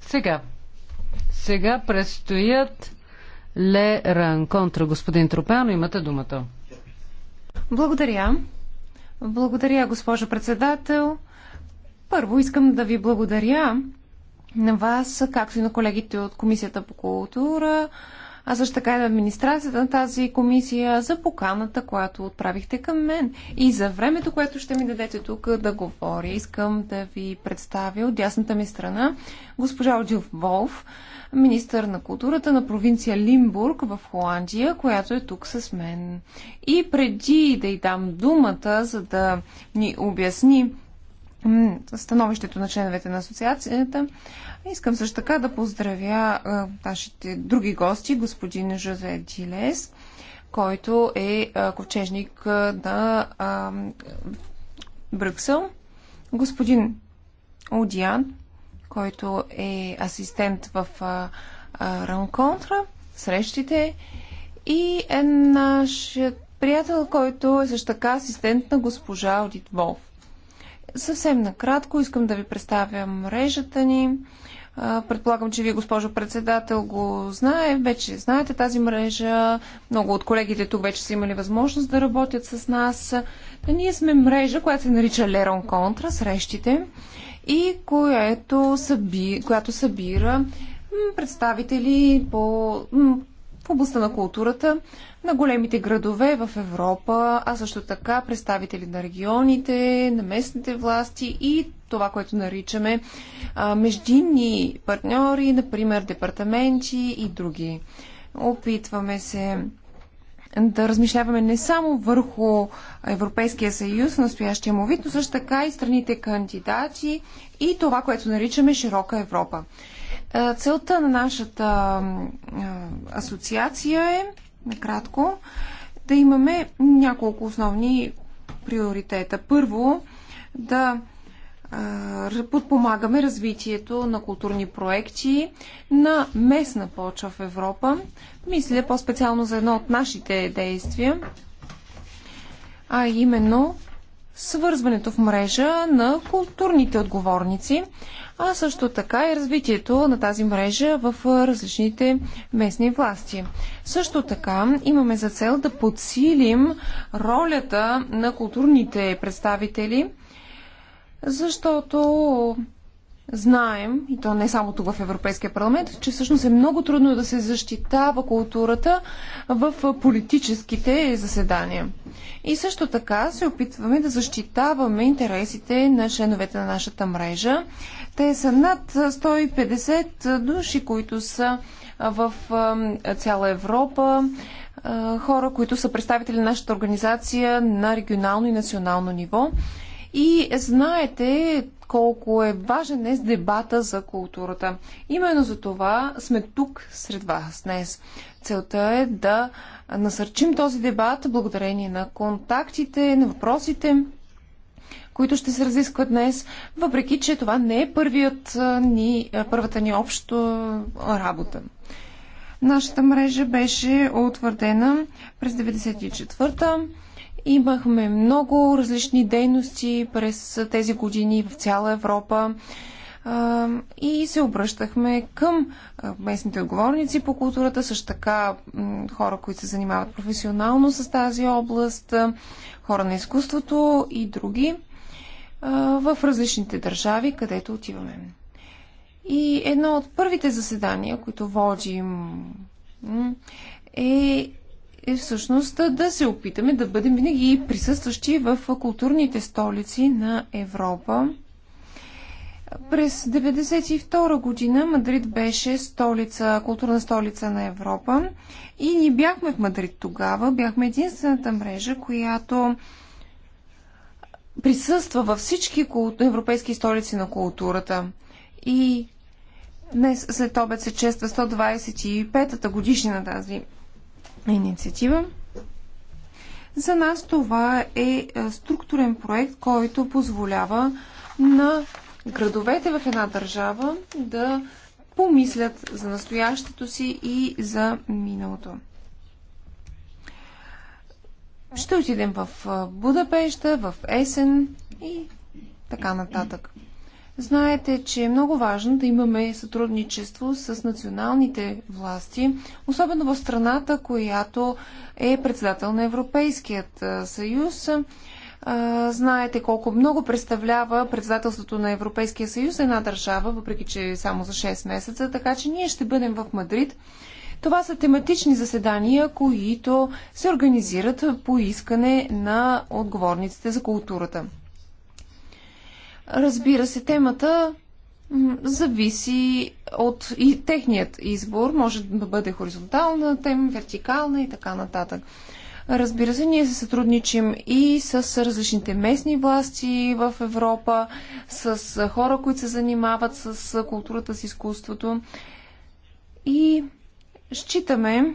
Сега. Сега предстоят Ле Ранконтра. Господин Тропяно, имате думата. Благодаря. Благодаря, госпожо председател. Първо искам да ви благодаря на вас, както и на колегите от Комисията по култура, а също така и на администрацията на тази комисия за поканата, която отправихте към мен и за времето, което ще ми дадете тук да говоря. Искам да ви представя от дясната ми страна госпожа Оджил Волф, министър на културата на провинция Лимбург в Холандия, която е тук с мен. И преди да й дам думата, за да ни обясни становището на членовете на асоциацията. Искам също така да поздравя нашите други гости, господин Жозе Дилес, който е ковчежник на Брюксел, господин Одиан, който е асистент в Ранконтра, срещите и е нашият приятел, който е също така асистент на госпожа Волф. Съвсем накратко искам да ви представя мрежата ни. Предполагам, че вие, госпожо председател, го знае. Вече знаете тази мрежа. Много от колегите тук вече са имали възможност да работят с нас. Ние сме мрежа, която се нарича Лерон Контра, срещите, и която съби... която събира представители по в областта на културата на големите градове в Европа, а също така представители на регионите, на местните власти и това, което наричаме а, междинни партньори, например департаменти и други. Опитваме се да размишляваме не само върху Европейския съюз в настоящия му вид, но също така и страните кандидати и това, което наричаме широка Европа. Е, целта на нашата асоциация е, накратко, да имаме няколко основни приоритета. Първо, да подпомагаме развитието на културни проекти на местна почва в Европа. Мисля по-специално за едно от нашите действия, а именно свързването в мрежа на културните отговорници, а също така и развитието на тази мрежа в различните местни власти. Също така имаме за цел да подсилим ролята на културните представители, защото знаем, и то не само тук в Европейския парламент, че всъщност е много трудно да се защитава културата в политическите заседания. И също така се опитваме да защитаваме интересите на членовете на нашата мрежа. Те са над 150 души, които са в цяла Европа, хора, които са представители на нашата организация на регионално и национално ниво. И знаете колко е важен днес дебата за културата. Именно за това сме тук сред вас днес. Целта е да насърчим този дебат благодарение на контактите, на въпросите, които ще се разискват днес, въпреки че това не е първият ни, първата ни обща работа. Нашата мрежа беше утвърдена през 1994 та Имахме много различни дейности през тези години в цяла Европа и се обръщахме към местните отговорници по културата, също така хора, които се занимават професионално с тази област, хора на изкуството и други в различните държави, където отиваме. И едно от първите заседания, които водим е е всъщност да се опитаме да бъдем винаги присъстващи в културните столици на Европа. През 1992 година Мадрид беше столица, културна столица на Европа и ние бяхме в Мадрид тогава. Бяхме единствената мрежа, която присъства във всички европейски столици на културата. И днес след обед се чества 125-та годишнина тази инициатива. За нас това е, е структурен проект, който позволява на градовете в една държава да помислят за настоящето си и за миналото. Ще отидем в е, Будапеща, в Есен и така нататък. Знаете, че е много важно да имаме сътрудничество с националните власти, особено в страната, която е председател на Европейският съюз. Знаете колко много представлява председателството на Европейския съюз една държава, въпреки че е само за 6 месеца, така че ние ще бъдем в Мадрид. Това са тематични заседания, които се организират по искане на отговорниците за културата. Разбира се, темата зависи от и техният избор. Може да бъде хоризонтална тема, вертикална и така нататък. Разбира се, ние се сътрудничим и с различните местни власти в Европа, с хора, които се занимават с културата, с изкуството. И считаме,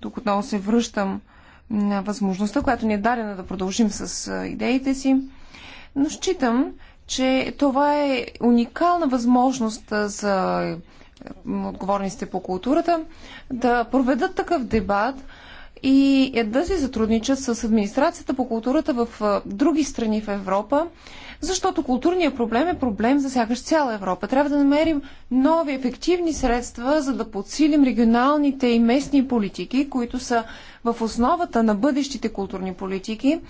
тук отново се връщам на възможността, която ни е дадена да продължим с идеите си, но считам, че това е уникална възможност за отговорниците по културата да проведат такъв дебат и е, да се затрудничат с администрацията по културата в други страни в Европа защото културният проблем е проблем за сякаш цяла Европа. Трябва да намерим нови ефективни средства, за да подсилим регионалните и местни политики, които са в основата на бъдещите културни политики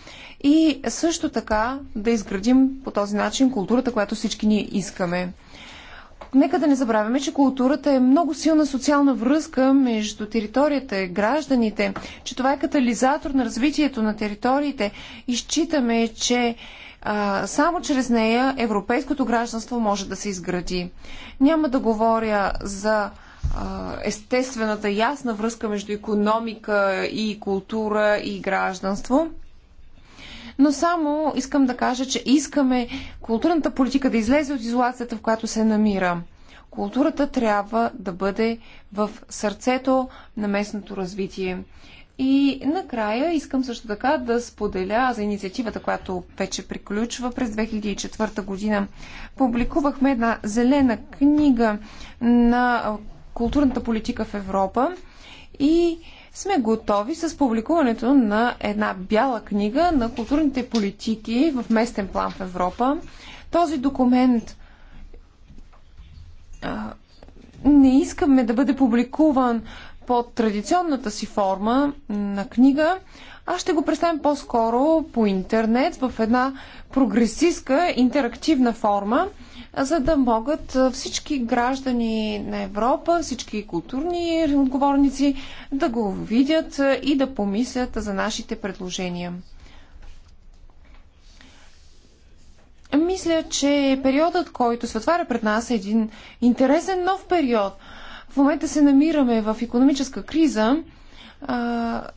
и също така да изградим по този начин културата, която всички ние искаме. Нека да не забравяме, че културата е много силна социална връзка между територията и гражданите, че това е катализатор на развитието на териториите. Изчитаме, че а, само чрез нея европейското гражданство може да се изгради. Няма да говоря за естествената ясна връзка между економика и култура и гражданство. Но само искам да кажа, че искаме културната политика да излезе от изолацията, в която се намира. Културата трябва да бъде в сърцето на местното развитие. И накрая искам също така да споделя за инициативата, която вече приключва през 2004 година. Публикувахме една зелена книга на културната политика в Европа и сме готови с публикуването на една бяла книга на културните политики в местен план в Европа. Този документ не искаме да бъде публикуван под традиционната си форма на книга, а ще го представим по-скоро по интернет в една прогресистка, интерактивна форма, за да могат всички граждани на Европа, всички културни отговорници да го видят и да помислят за нашите предложения. Мисля, че периодът, който се отваря пред нас е един интересен нов период – в момента се намираме в економическа криза а,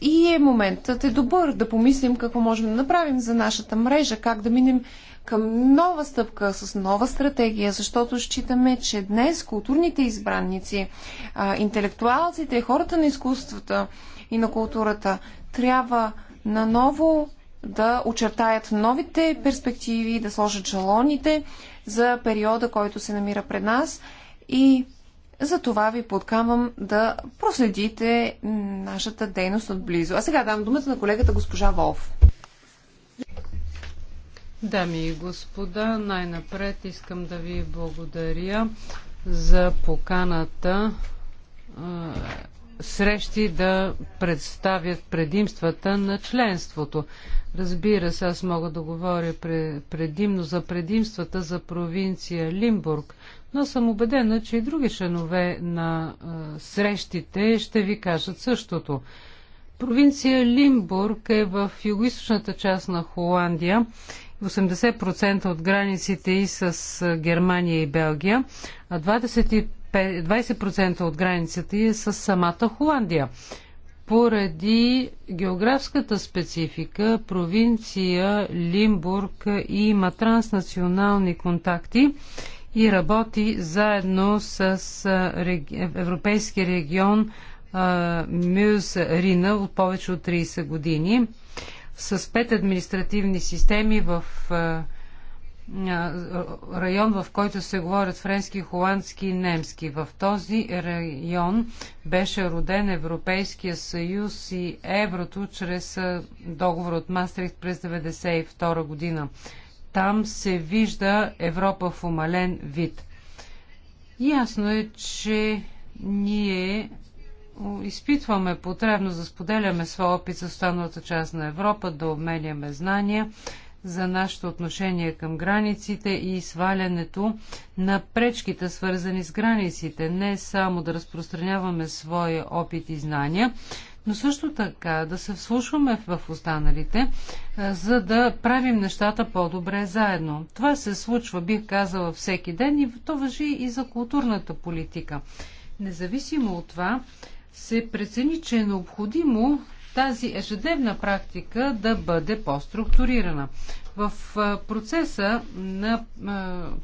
и е моментът е добър да помислим какво можем да направим за нашата мрежа, как да минем към нова стъпка, с нова стратегия, защото считаме, че днес културните избранници, а, интелектуалците, хората на изкуствата и на културата трябва наново да очертаят новите перспективи, да сложат жалоните за периода, който се намира пред нас и затова ви подкамвам да проследите нашата дейност отблизо. А сега дам думата на колегата госпожа Волф. Дами и господа, най-напред искам да ви благодаря за поканата срещи да представят предимствата на членството. Разбира се, аз мога да говоря предимно за предимствата за провинция Лимбург, но съм убедена, че и други шанове на срещите ще ви кажат същото. Провинция Лимбург е в югоисточната част на Холандия, 80% от границите и с Германия и Белгия, а 25, 20% от границата и е с самата Холандия. Поради географската специфика, провинция Лимбург има транснационални контакти и работи заедно с Европейския регион Мюз Рина от повече от 30 години с пет административни системи в район, в който се говорят френски, холандски и немски. В този район беше роден Европейския съюз и еврото чрез договор от Мастрихт през 1992 година. Там се вижда Европа в умален вид. Ясно е, че ние изпитваме потребност да споделяме своя опит за останалата част на Европа, да обменяме знания за нашето отношение към границите и свалянето на пречките, свързани с границите. Не само да разпространяваме своя опит и знания, но също така да се вслушваме в останалите, е, за да правим нещата по-добре заедно. Това се случва, бих казала, всеки ден и то въжи и за културната политика. Независимо от това, се прецени, че е необходимо тази ежедневна практика да бъде по-структурирана. В е, процеса на е,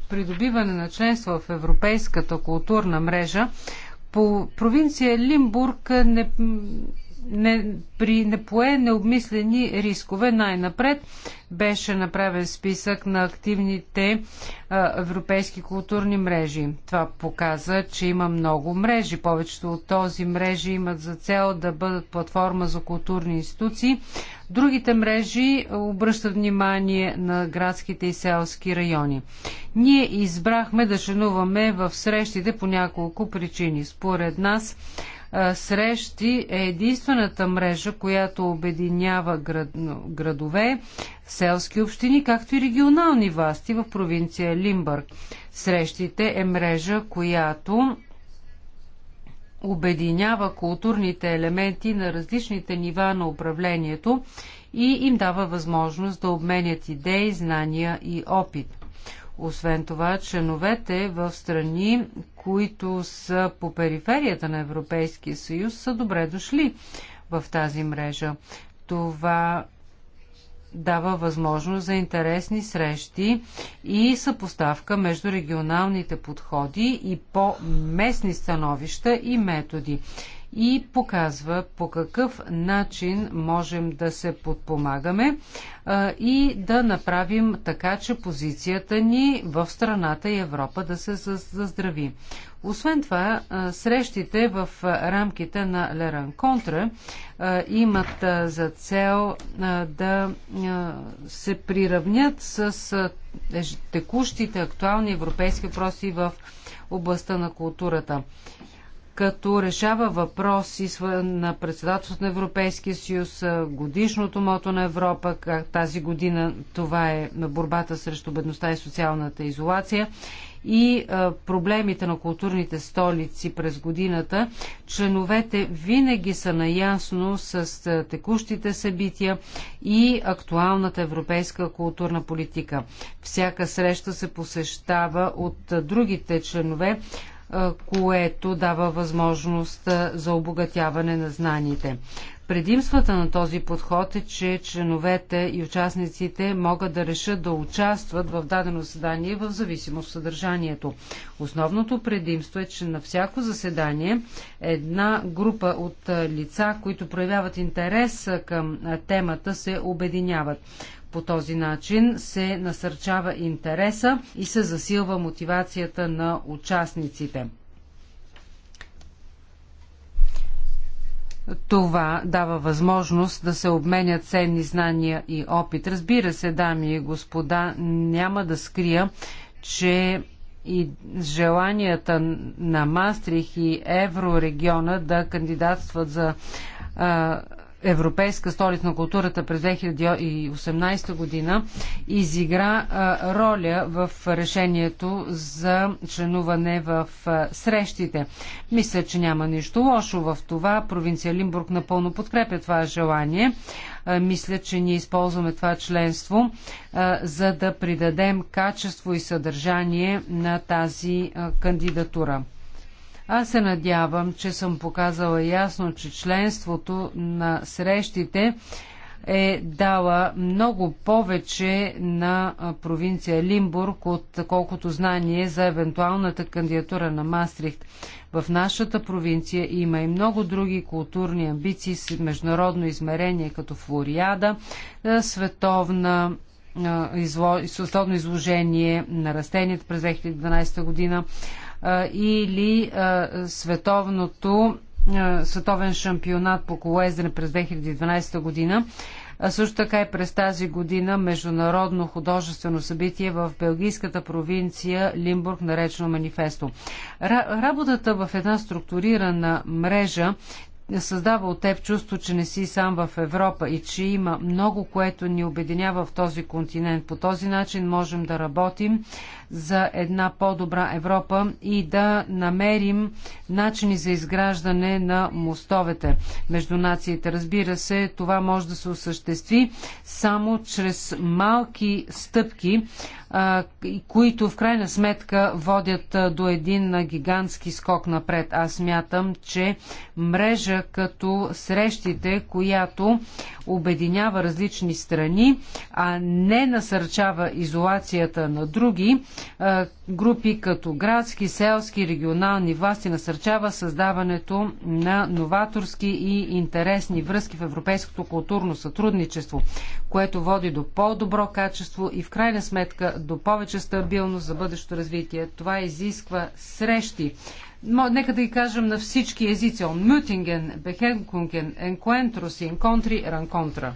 придобиване на членство в Европейската културна мрежа по провинция Лимбург не, не, при непое необмислени рискове. Най-напред беше направен списък на активните а, европейски културни мрежи. Това показа, че има много мрежи. Повечето от този мрежи имат за цел да бъдат платформа за културни институции. Другите мрежи обръщат внимание на градските и селски райони. Ние избрахме да шенуваме в срещите по няколко причини. Според нас срещи е единствената мрежа, която обединява град, градове, селски общини, както и регионални власти в провинция Лимбърг. Срещите е мрежа, която обединява културните елементи на различните нива на управлението и им дава възможност да обменят идеи, знания и опит. Освен това, членовете в страни, които са по периферията на Европейския съюз, са добре дошли в тази мрежа. Това дава възможност за интересни срещи и съпоставка между регионалните подходи и по-местни становища и методи и показва по какъв начин можем да се подпомагаме и да направим така, че позицията ни в страната и Европа да се заздрави. Освен това, срещите в рамките на Леран Контра имат за цел да се приравнят с текущите актуални европейски въпроси в областта на културата като решава въпроси на председателството на Европейския съюз, годишното мото на Европа, как тази година това е борбата срещу бедността и социалната изолация и проблемите на културните столици през годината, членовете винаги са наясно с текущите събития и актуалната европейска културна политика. Всяка среща се посещава от другите членове, което дава възможност за обогатяване на знаниите. Предимствата на този подход е, че членовете и участниците могат да решат да участват в дадено заседание в зависимост от съдържанието. Основното предимство е, че на всяко заседание една група от лица, които проявяват интерес към темата, се обединяват. По този начин се насърчава интереса и се засилва мотивацията на участниците. Това дава възможност да се обменят ценни знания и опит. Разбира се, дами и господа, няма да скрия, че и желанията на Мастрих и еврорегиона да кандидатстват за Европейска столица на културата през 2018 година изигра роля в решението за членуване в срещите. Мисля, че няма нищо лошо в това. Провинция Лимбург напълно подкрепя това желание. Мисля, че ние използваме това членство, за да придадем качество и съдържание на тази кандидатура. Аз се надявам, че съм показала ясно, че членството на срещите е дала много повече на провинция Лимбург, отколкото знание за евентуалната кандидатура на Мастрихт. В нашата провинция има и много други културни амбиции с международно измерение, като Флориада, световна световно изложение на растенията през 2012 година, или световното световен шампионат по колоездене през 2012 година. А също така и през тази година международно художествено събитие в белгийската провинция Лимбург, наречено Манифесто. Работата в една структурирана мрежа създава от теб чувство, че не си сам в Европа и че има много, което ни обединява в този континент. По този начин можем да работим за една по-добра Европа и да намерим начини за изграждане на мостовете между нациите. Разбира се, това може да се осъществи само чрез малки стъпки, които в крайна сметка водят до един гигантски скок напред. Аз мятам, че мрежа като срещите, която обединява различни страни, а не насърчава изолацията на други, е, групи като градски, селски, регионални власти насърчава създаването на новаторски и интересни връзки в европейското културно сътрудничество, което води до по-добро качество и в крайна сметка до повече стабилност за бъдещо развитие. Това изисква срещи нека да ги кажем на всички езици. мютинген, бехенкунген, енкуентрос, инконтри, ранконтра.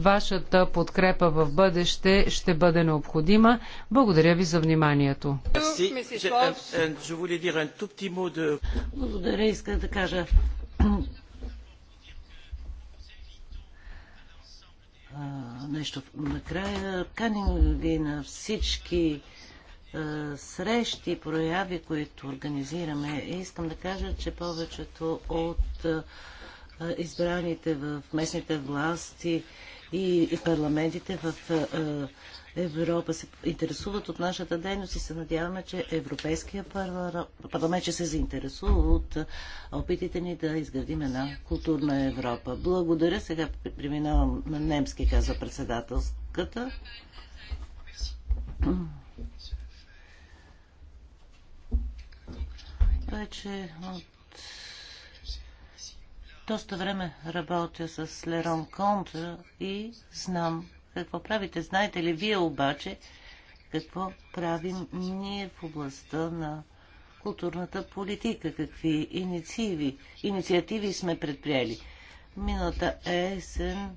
Вашата подкрепа в бъдеще ще бъде необходима. Благодаря ви за вниманието. Благодаря, искам да кажа нещо накрая. Каним ви на всички срещи, прояви, които организираме. И искам да кажа, че повечето от избраните в местните власти и парламентите в е, е, Европа се интересуват от нашата дейност и се надяваме, че Европейския парламент ще се заинтересува от е, опитите ни да изградим една културна Европа. Благодаря. Сега преминавам на немски, казва председателската. Вече от доста време работя с Лерон Контра и знам какво правите. Знаете ли вие обаче какво правим ние в областта на културната политика, какви инициативи, инициативи сме предприели. Миналата есен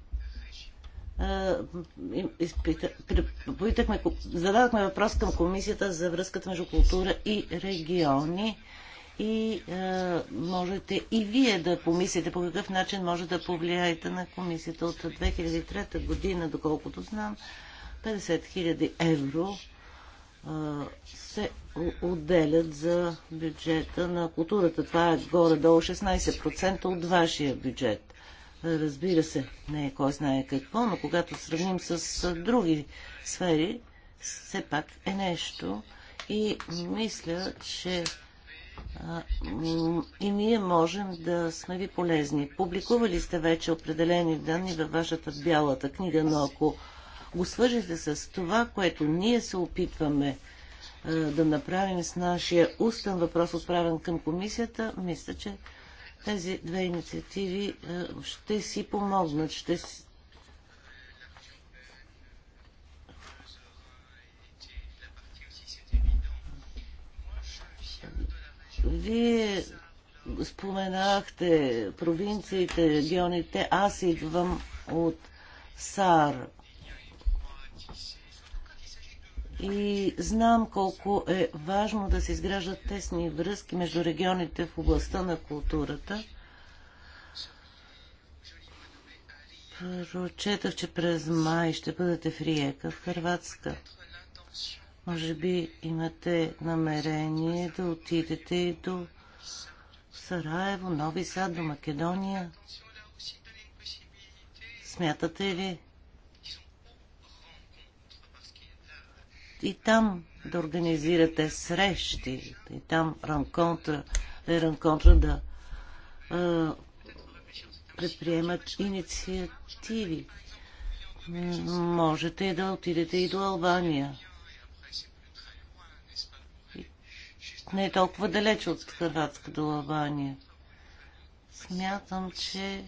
зададахме въпрос към комисията за връзката между култура и региони и а, е, можете и вие да помислите по какъв начин може да повлияете на комисията. От 2003 година, доколкото знам, 50 000 евро а, е, се отделят за бюджета на културата. Това е горе-долу 16% от вашия бюджет. Разбира се, не е кой знае какво, но когато сравним с други сфери, все пак е нещо. И мисля, че и ние можем да сме ви полезни. Публикували сте вече определени данни във вашата бялата книга, но ако го свържете с това, което ние се опитваме да направим с нашия устен въпрос, отправен към комисията, мисля, че тези две инициативи ще си помогнат, ще Вие споменахте провинциите, регионите. Аз идвам от САР. И знам колко е важно да се изграждат тесни връзки между регионите в областта на културата. Прочетах, че през май ще бъдете в Риека, в Харватска. Може би имате намерение да отидете и до Сараево, Нови Сад, до Македония. Смятате ли и там да организирате срещи, и там ранконтра, е ранконтра да а, предприемат инициативи. Можете да отидете и до Албания. не е толкова далеч от Хрватска до Лавания. Смятам, че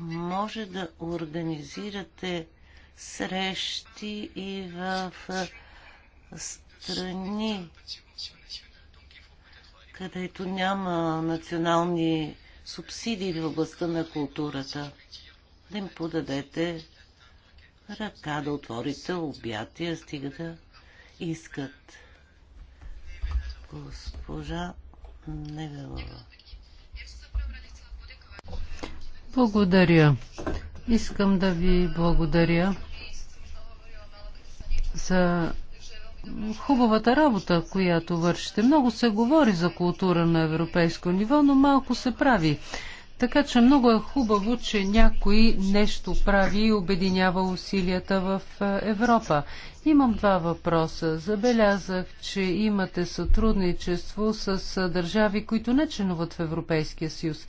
може да организирате срещи и в страни, където няма национални субсидии в областта на културата. Да им подадете ръка, да отворите обятия, стига да искат. Госпожа Невелова. Благодаря. Искам да ви благодаря за хубавата работа, която вършите. Много се говори за култура на европейско ниво, но малко се прави. Така че много е хубаво, че някой нещо прави и обединява усилията в е, Европа. Имам два въпроса. Забелязах, че имате сътрудничество с е, държави, които не членуват в Европейския съюз.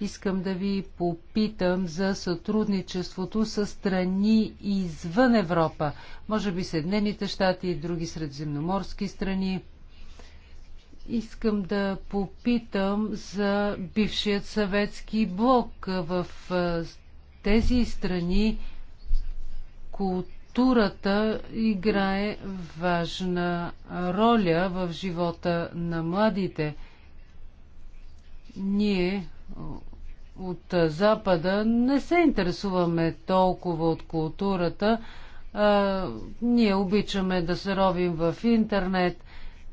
Искам да ви попитам за сътрудничеството с страни извън Европа. Може би Съединените щати и други средземноморски страни. Искам да попитам за бившият съветски блок. В тези страни културата играе важна роля в живота на младите. Ние от Запада не се интересуваме толкова от културата. А, ние обичаме да се ровим в интернет,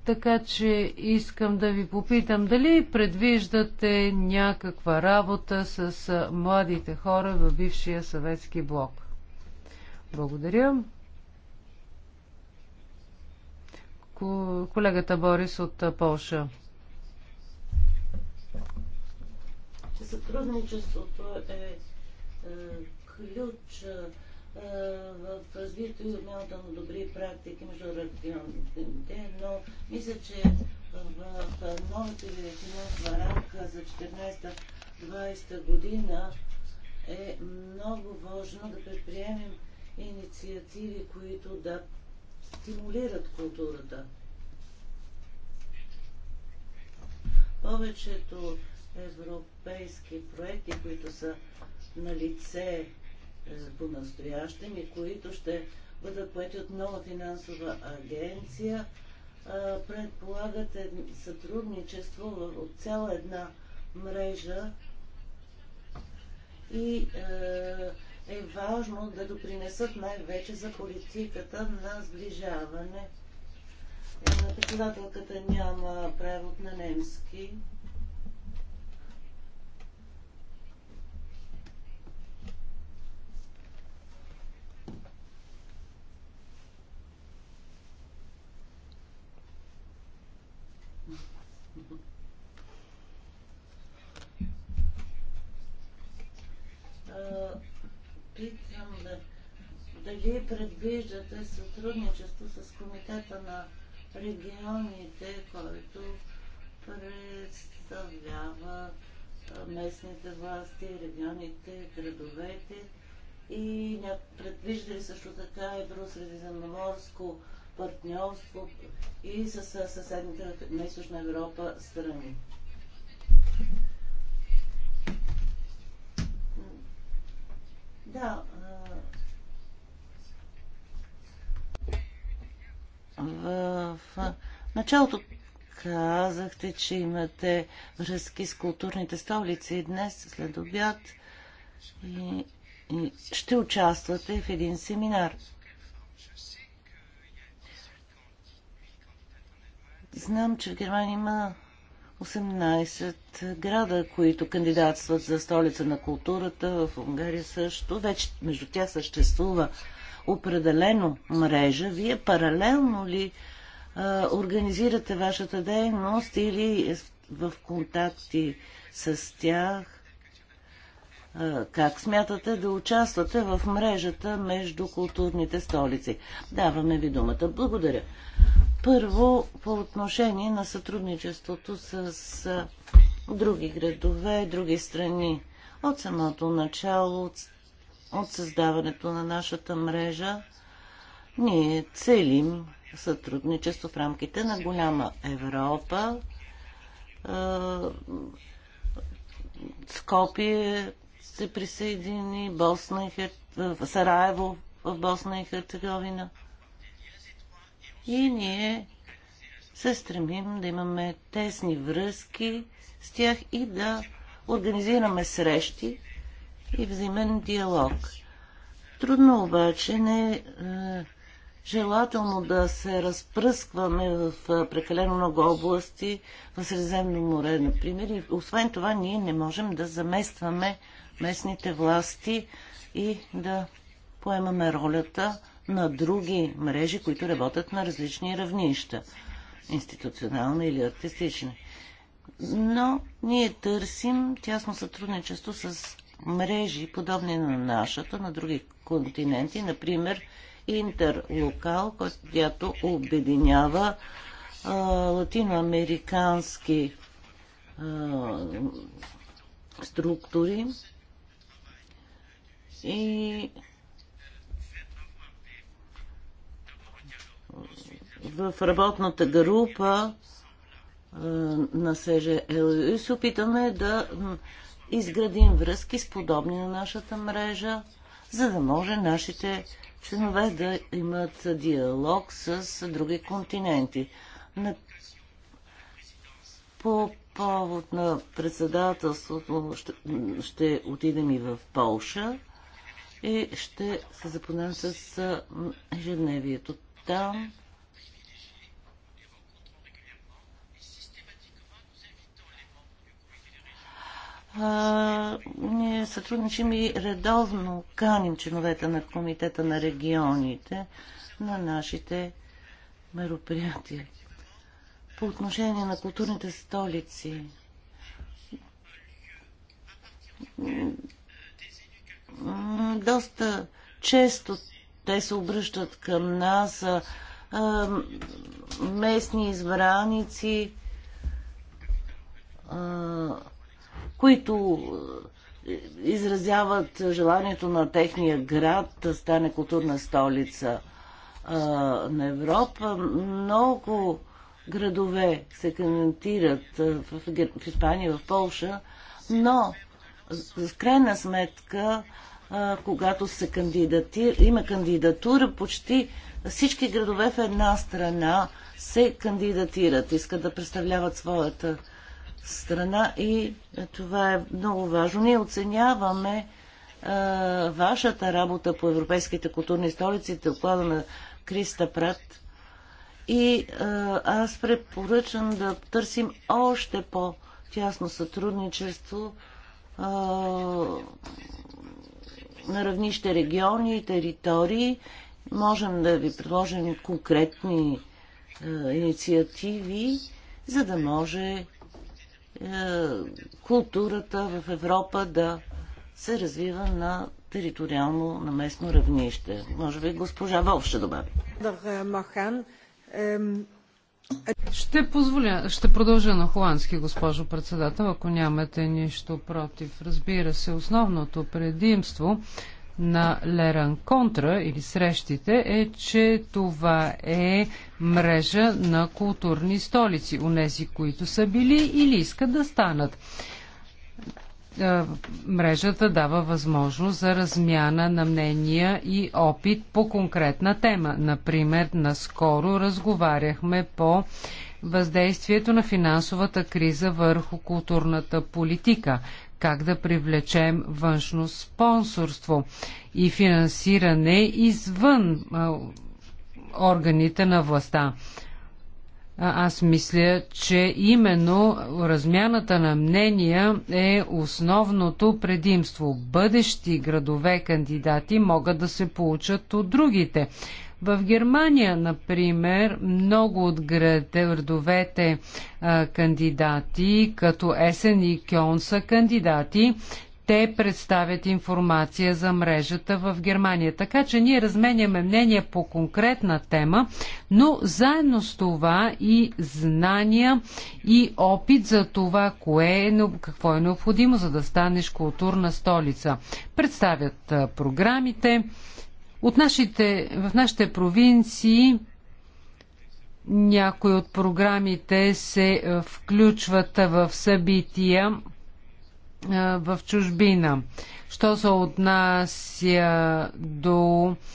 така че искам да ви попитам дали предвиждате някаква работа с младите хора в бившия съветски блок. Благодаря. Колегата Борис от Полша. Сътрудничеството е, е ключ в развитието и обмяната на добри практики между регионите, но мисля, че в новата финансова рамка за 14-20 година е много важно да предприемем инициативи, които да стимулират културата. Повечето европейски проекти, които са на лице е, по-настоящем и които ще бъдат поети от нова финансова агенция, предполагат е сътрудничество от цяла една мрежа и е, е важно да допринесат най-вече за политиката на сближаване. Председателката няма превод на немски. дали предвиждате сътрудничество с Комитета на регионите, който представлява местните власти, регионите, градовете и предвижда ли също така евросредиземноморско партньорство и с съседните на Източна Европа страни. Да, В началото казахте, че имате връзки с културните столици днес, след обяд. И, и ще участвате в един семинар. Знам, че в Германия има 18 града, които кандидатстват за столица на културата. В Унгария също. Вече между тях съществува определено мрежа, вие паралелно ли а, организирате вашата дейност или в контакти с тях? как смятате да участвате в мрежата между културните столици? Даваме ви думата. Благодаря. Първо, по отношение на сътрудничеството с други градове, други страни. От самото начало от създаването на нашата мрежа ние целим сътрудничество в рамките на голяма Европа. Скопие се присъедини, Босна и Хер... Сараево в Босна и Херцеговина. И ние се стремим да имаме тесни връзки с тях и да организираме срещи и взаимен диалог. Трудно обаче не е желателно да се разпръскваме в е, прекалено много области в Средиземно море, например. И освен това, ние не можем да заместваме местните власти и да поемаме ролята на други мрежи, които работят на различни равнища институционални или артистични. Но ние търсим тясно сътрудничество с мрежи, подобни на нашата, на други континенти, например Интерлокал, която обединява а, латиноамерикански а, структури и в работната група на СЖЛ се опитаме да изградим връзки с подобни на нашата мрежа, за да може нашите членове да имат диалог с други континенти. На... По повод на председателството ще, ще отидем и в Полша и ще се запознаем с ежедневието там. А, ние сътрудничим и редовно каним чиновете на Комитета на регионите на нашите мероприятия. По отношение на културните столици, доста често те се обръщат към нас, а, а, местни избраници, а, които е, изразяват желанието на техния град да стане културна столица е, на Европа. Много градове се кандидатират е, в, Испания, в Полша, но в крайна сметка, когато се кандидатира, има кандидатура, почти всички градове в една страна се кандидатират, искат да представляват своята страна и е, това е много важно. Ние оценяваме а, е, вашата работа по европейските културни столици, доклада на Криста Прат. И а, е, аз препоръчвам да търсим още по-тясно сътрудничество а, на равнище региони и територии. Можем да ви предложим конкретни а, инициативи, за да може е, културата в Европа да се развива на териториално, на местно равнище. Може би госпожа Волф ще добави. Ще позволя, ще продължа на холандски, госпожо председател, ако нямате нищо против. Разбира се, основното предимство на Леран Контра или срещите е, че това е мрежа на културни столици, унези, които са били или искат да станат. Е, мрежата дава възможност за размяна на мнения и опит по конкретна тема. Например, наскоро разговаряхме по въздействието на финансовата криза върху културната политика как да привлечем външно спонсорство и финансиране извън а, органите на властта. А, аз мисля, че именно размяната на мнения е основното предимство. Бъдещи градове кандидати могат да се получат от другите. В Германия, например, много от градовете кандидати, като Есен и Кьон са кандидати. Те представят информация за мрежата в Германия. Така че ние разменяме мнение по конкретна тема, но заедно с това и знания и опит за това, кое е, какво е необходимо, за да станеш културна столица. Представят програмите, от нашите, в нашите провинции някои от програмите се е, включват в събития е, в чужбина. Що се отнася до е,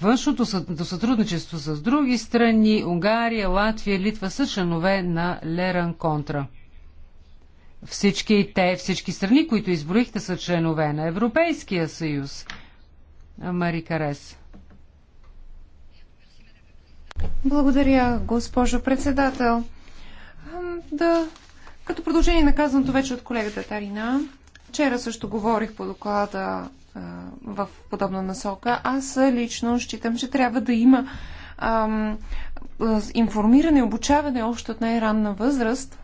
външното до сътрудничество с други страни, Унгария, Латвия, Литва са членове на Леран Контра. Всички те, всички страни, които изброихте, са членове на Европейския съюз. Мари Карес. Благодаря, госпожо председател. Да, като продължение на казаното вече от колегата Тарина, вчера също говорих по доклада в подобна насока. Аз лично считам, че трябва да има ам, информиране и обучаване още от най-ранна възраст.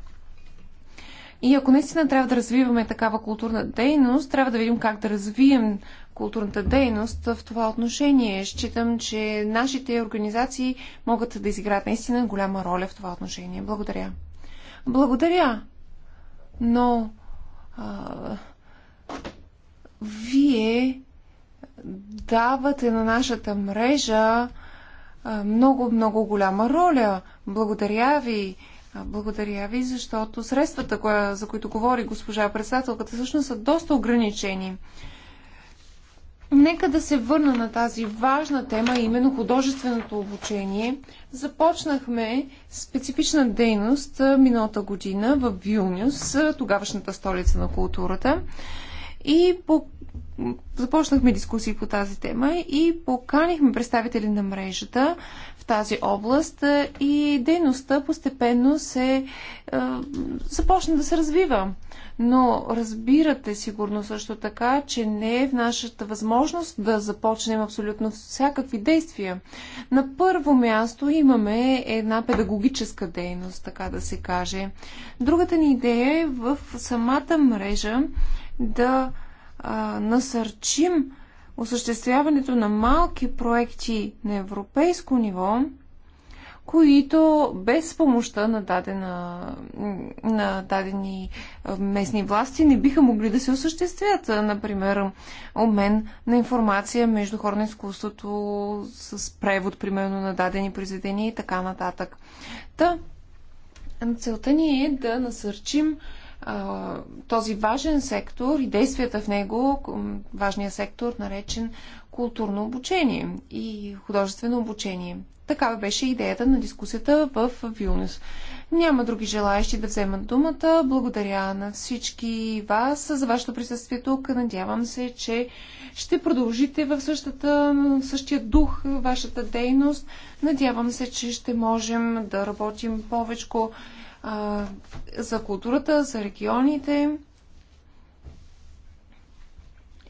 И ако наистина трябва да развиваме такава културна дейност, трябва да видим как да развием културната дейност в това отношение. Считам, че нашите организации могат да изиграят наистина голяма роля в това отношение. Благодаря. Благодаря. Но а, вие давате на нашата мрежа много-много голяма роля. Благодаря ви. Благодаря ви, защото средствата, за които говори госпожа председателката, всъщност са доста ограничени. Нека да се върна на тази важна тема, именно художественото обучение. Започнахме специфична дейност миналата година в Вилнюс, тогавашната столица на културата. И по... започнахме дискусии по тази тема и поканихме представители на мрежата тази област и дейността постепенно се е, започна да се развива. Но разбирате сигурно също така, че не е в нашата възможност да започнем абсолютно всякакви действия. На първо място имаме една педагогическа дейност, така да се каже. Другата ни идея е в самата мрежа да а, насърчим осъществяването на малки проекти на европейско ниво, които без помощта на, дадена, на дадени местни власти не биха могли да се осъществят. Например, обмен на информация между хора на изкуството с превод, примерно, на дадени произведения и така нататък. Та, целта ни е да насърчим този важен сектор и действията в него, важният сектор, наречен културно обучение и художествено обучение. Такава беше идеята на дискусията в Вилнюс. Няма други желаящи да вземат думата. Благодаря на всички вас за вашето присъствие тук. Надявам се, че ще продължите в, същата, в същия дух вашата дейност. Надявам се, че ще можем да работим повече за културата, за регионите.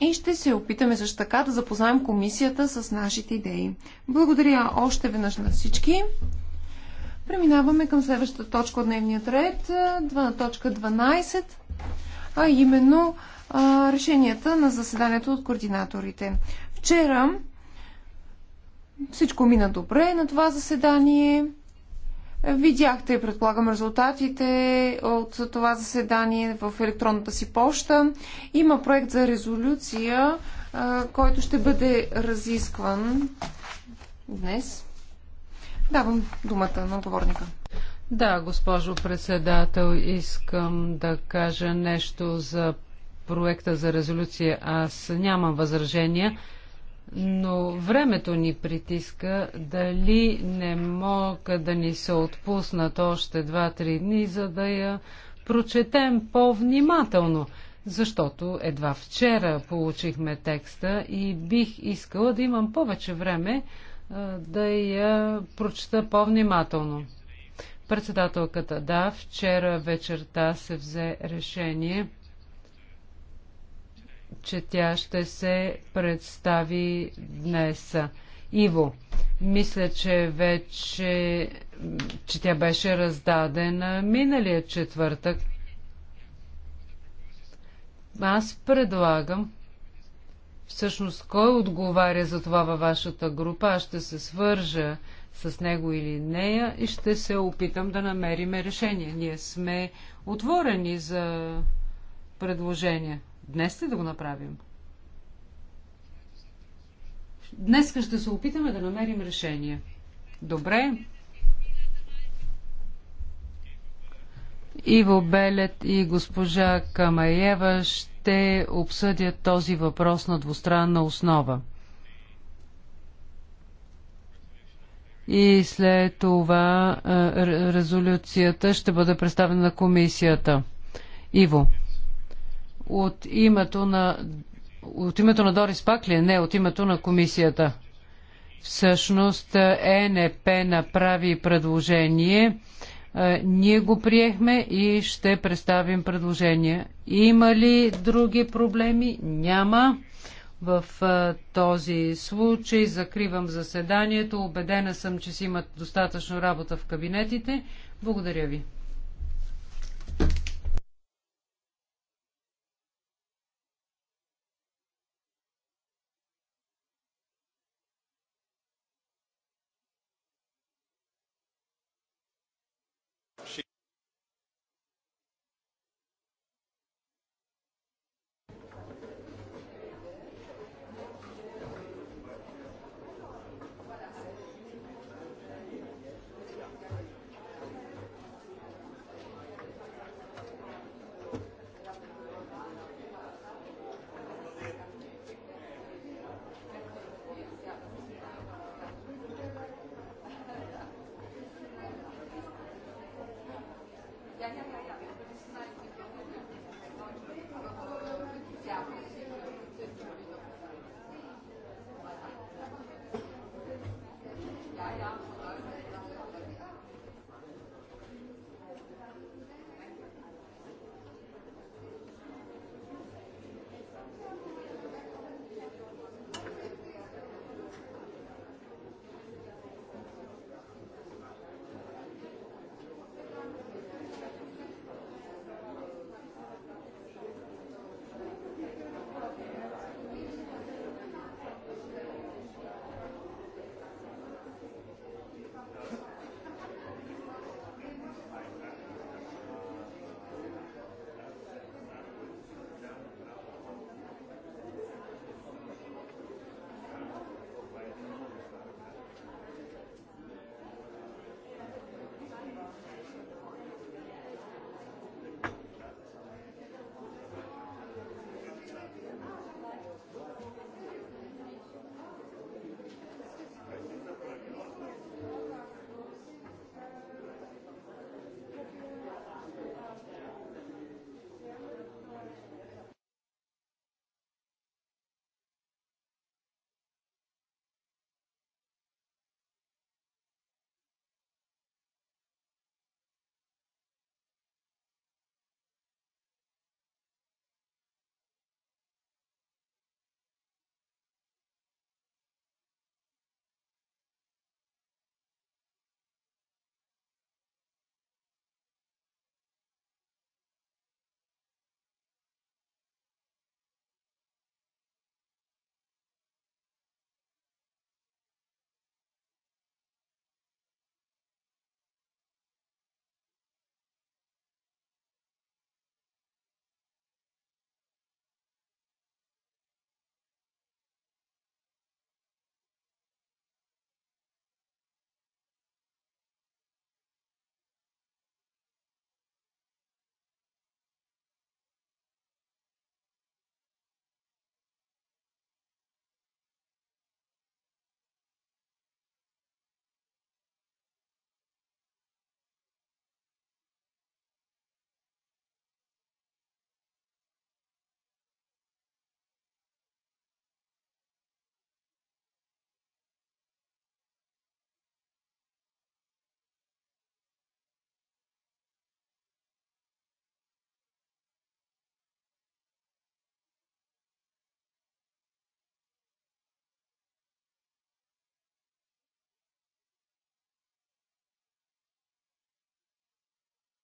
И ще се опитаме също така да запознаем комисията с нашите идеи. Благодаря още веднъж на всички. Преминаваме към следващата точка от дневният ред, точка 12, а именно а, решенията на заседанието от координаторите. Вчера всичко мина добре на това заседание. Видяхте, предполагам, резултатите от това заседание в електронната си поща. Има проект за резолюция, който ще бъде разискван днес. Давам думата на отговорника. Да, госпожо председател, искам да кажа нещо за проекта за резолюция. Аз нямам възражения но времето ни притиска. Дали не мога да ни се отпуснат още 2-3 дни, за да я прочетем по-внимателно? Защото едва вчера получихме текста и бих искала да имам повече време да я прочета по-внимателно. Председателката, да, вчера вечерта се взе решение че тя ще се представи днес. Иво, мисля, че вече, че тя беше раздадена миналия четвъртък. Аз предлагам, всъщност кой отговаря за това във вашата група, аз ще се свържа с него или нея и ще се опитам да намериме решение. Ние сме отворени за предложения. Днес ли да го направим? Днес ще се опитаме да намерим решение. Добре. Иво Белет и госпожа Камаева ще обсъдят този въпрос на двустранна основа. И след това е, резолюцията ще бъде представена на комисията. Иво от името на, от името на Дорис Пакли, е? не от името на комисията. Всъщност ЕНП направи предложение. Е, ние го приехме и ще представим предложение. Има ли други проблеми? Няма. В е, този случай закривам заседанието. Обедена съм, че си имат достатъчно работа в кабинетите. Благодаря ви.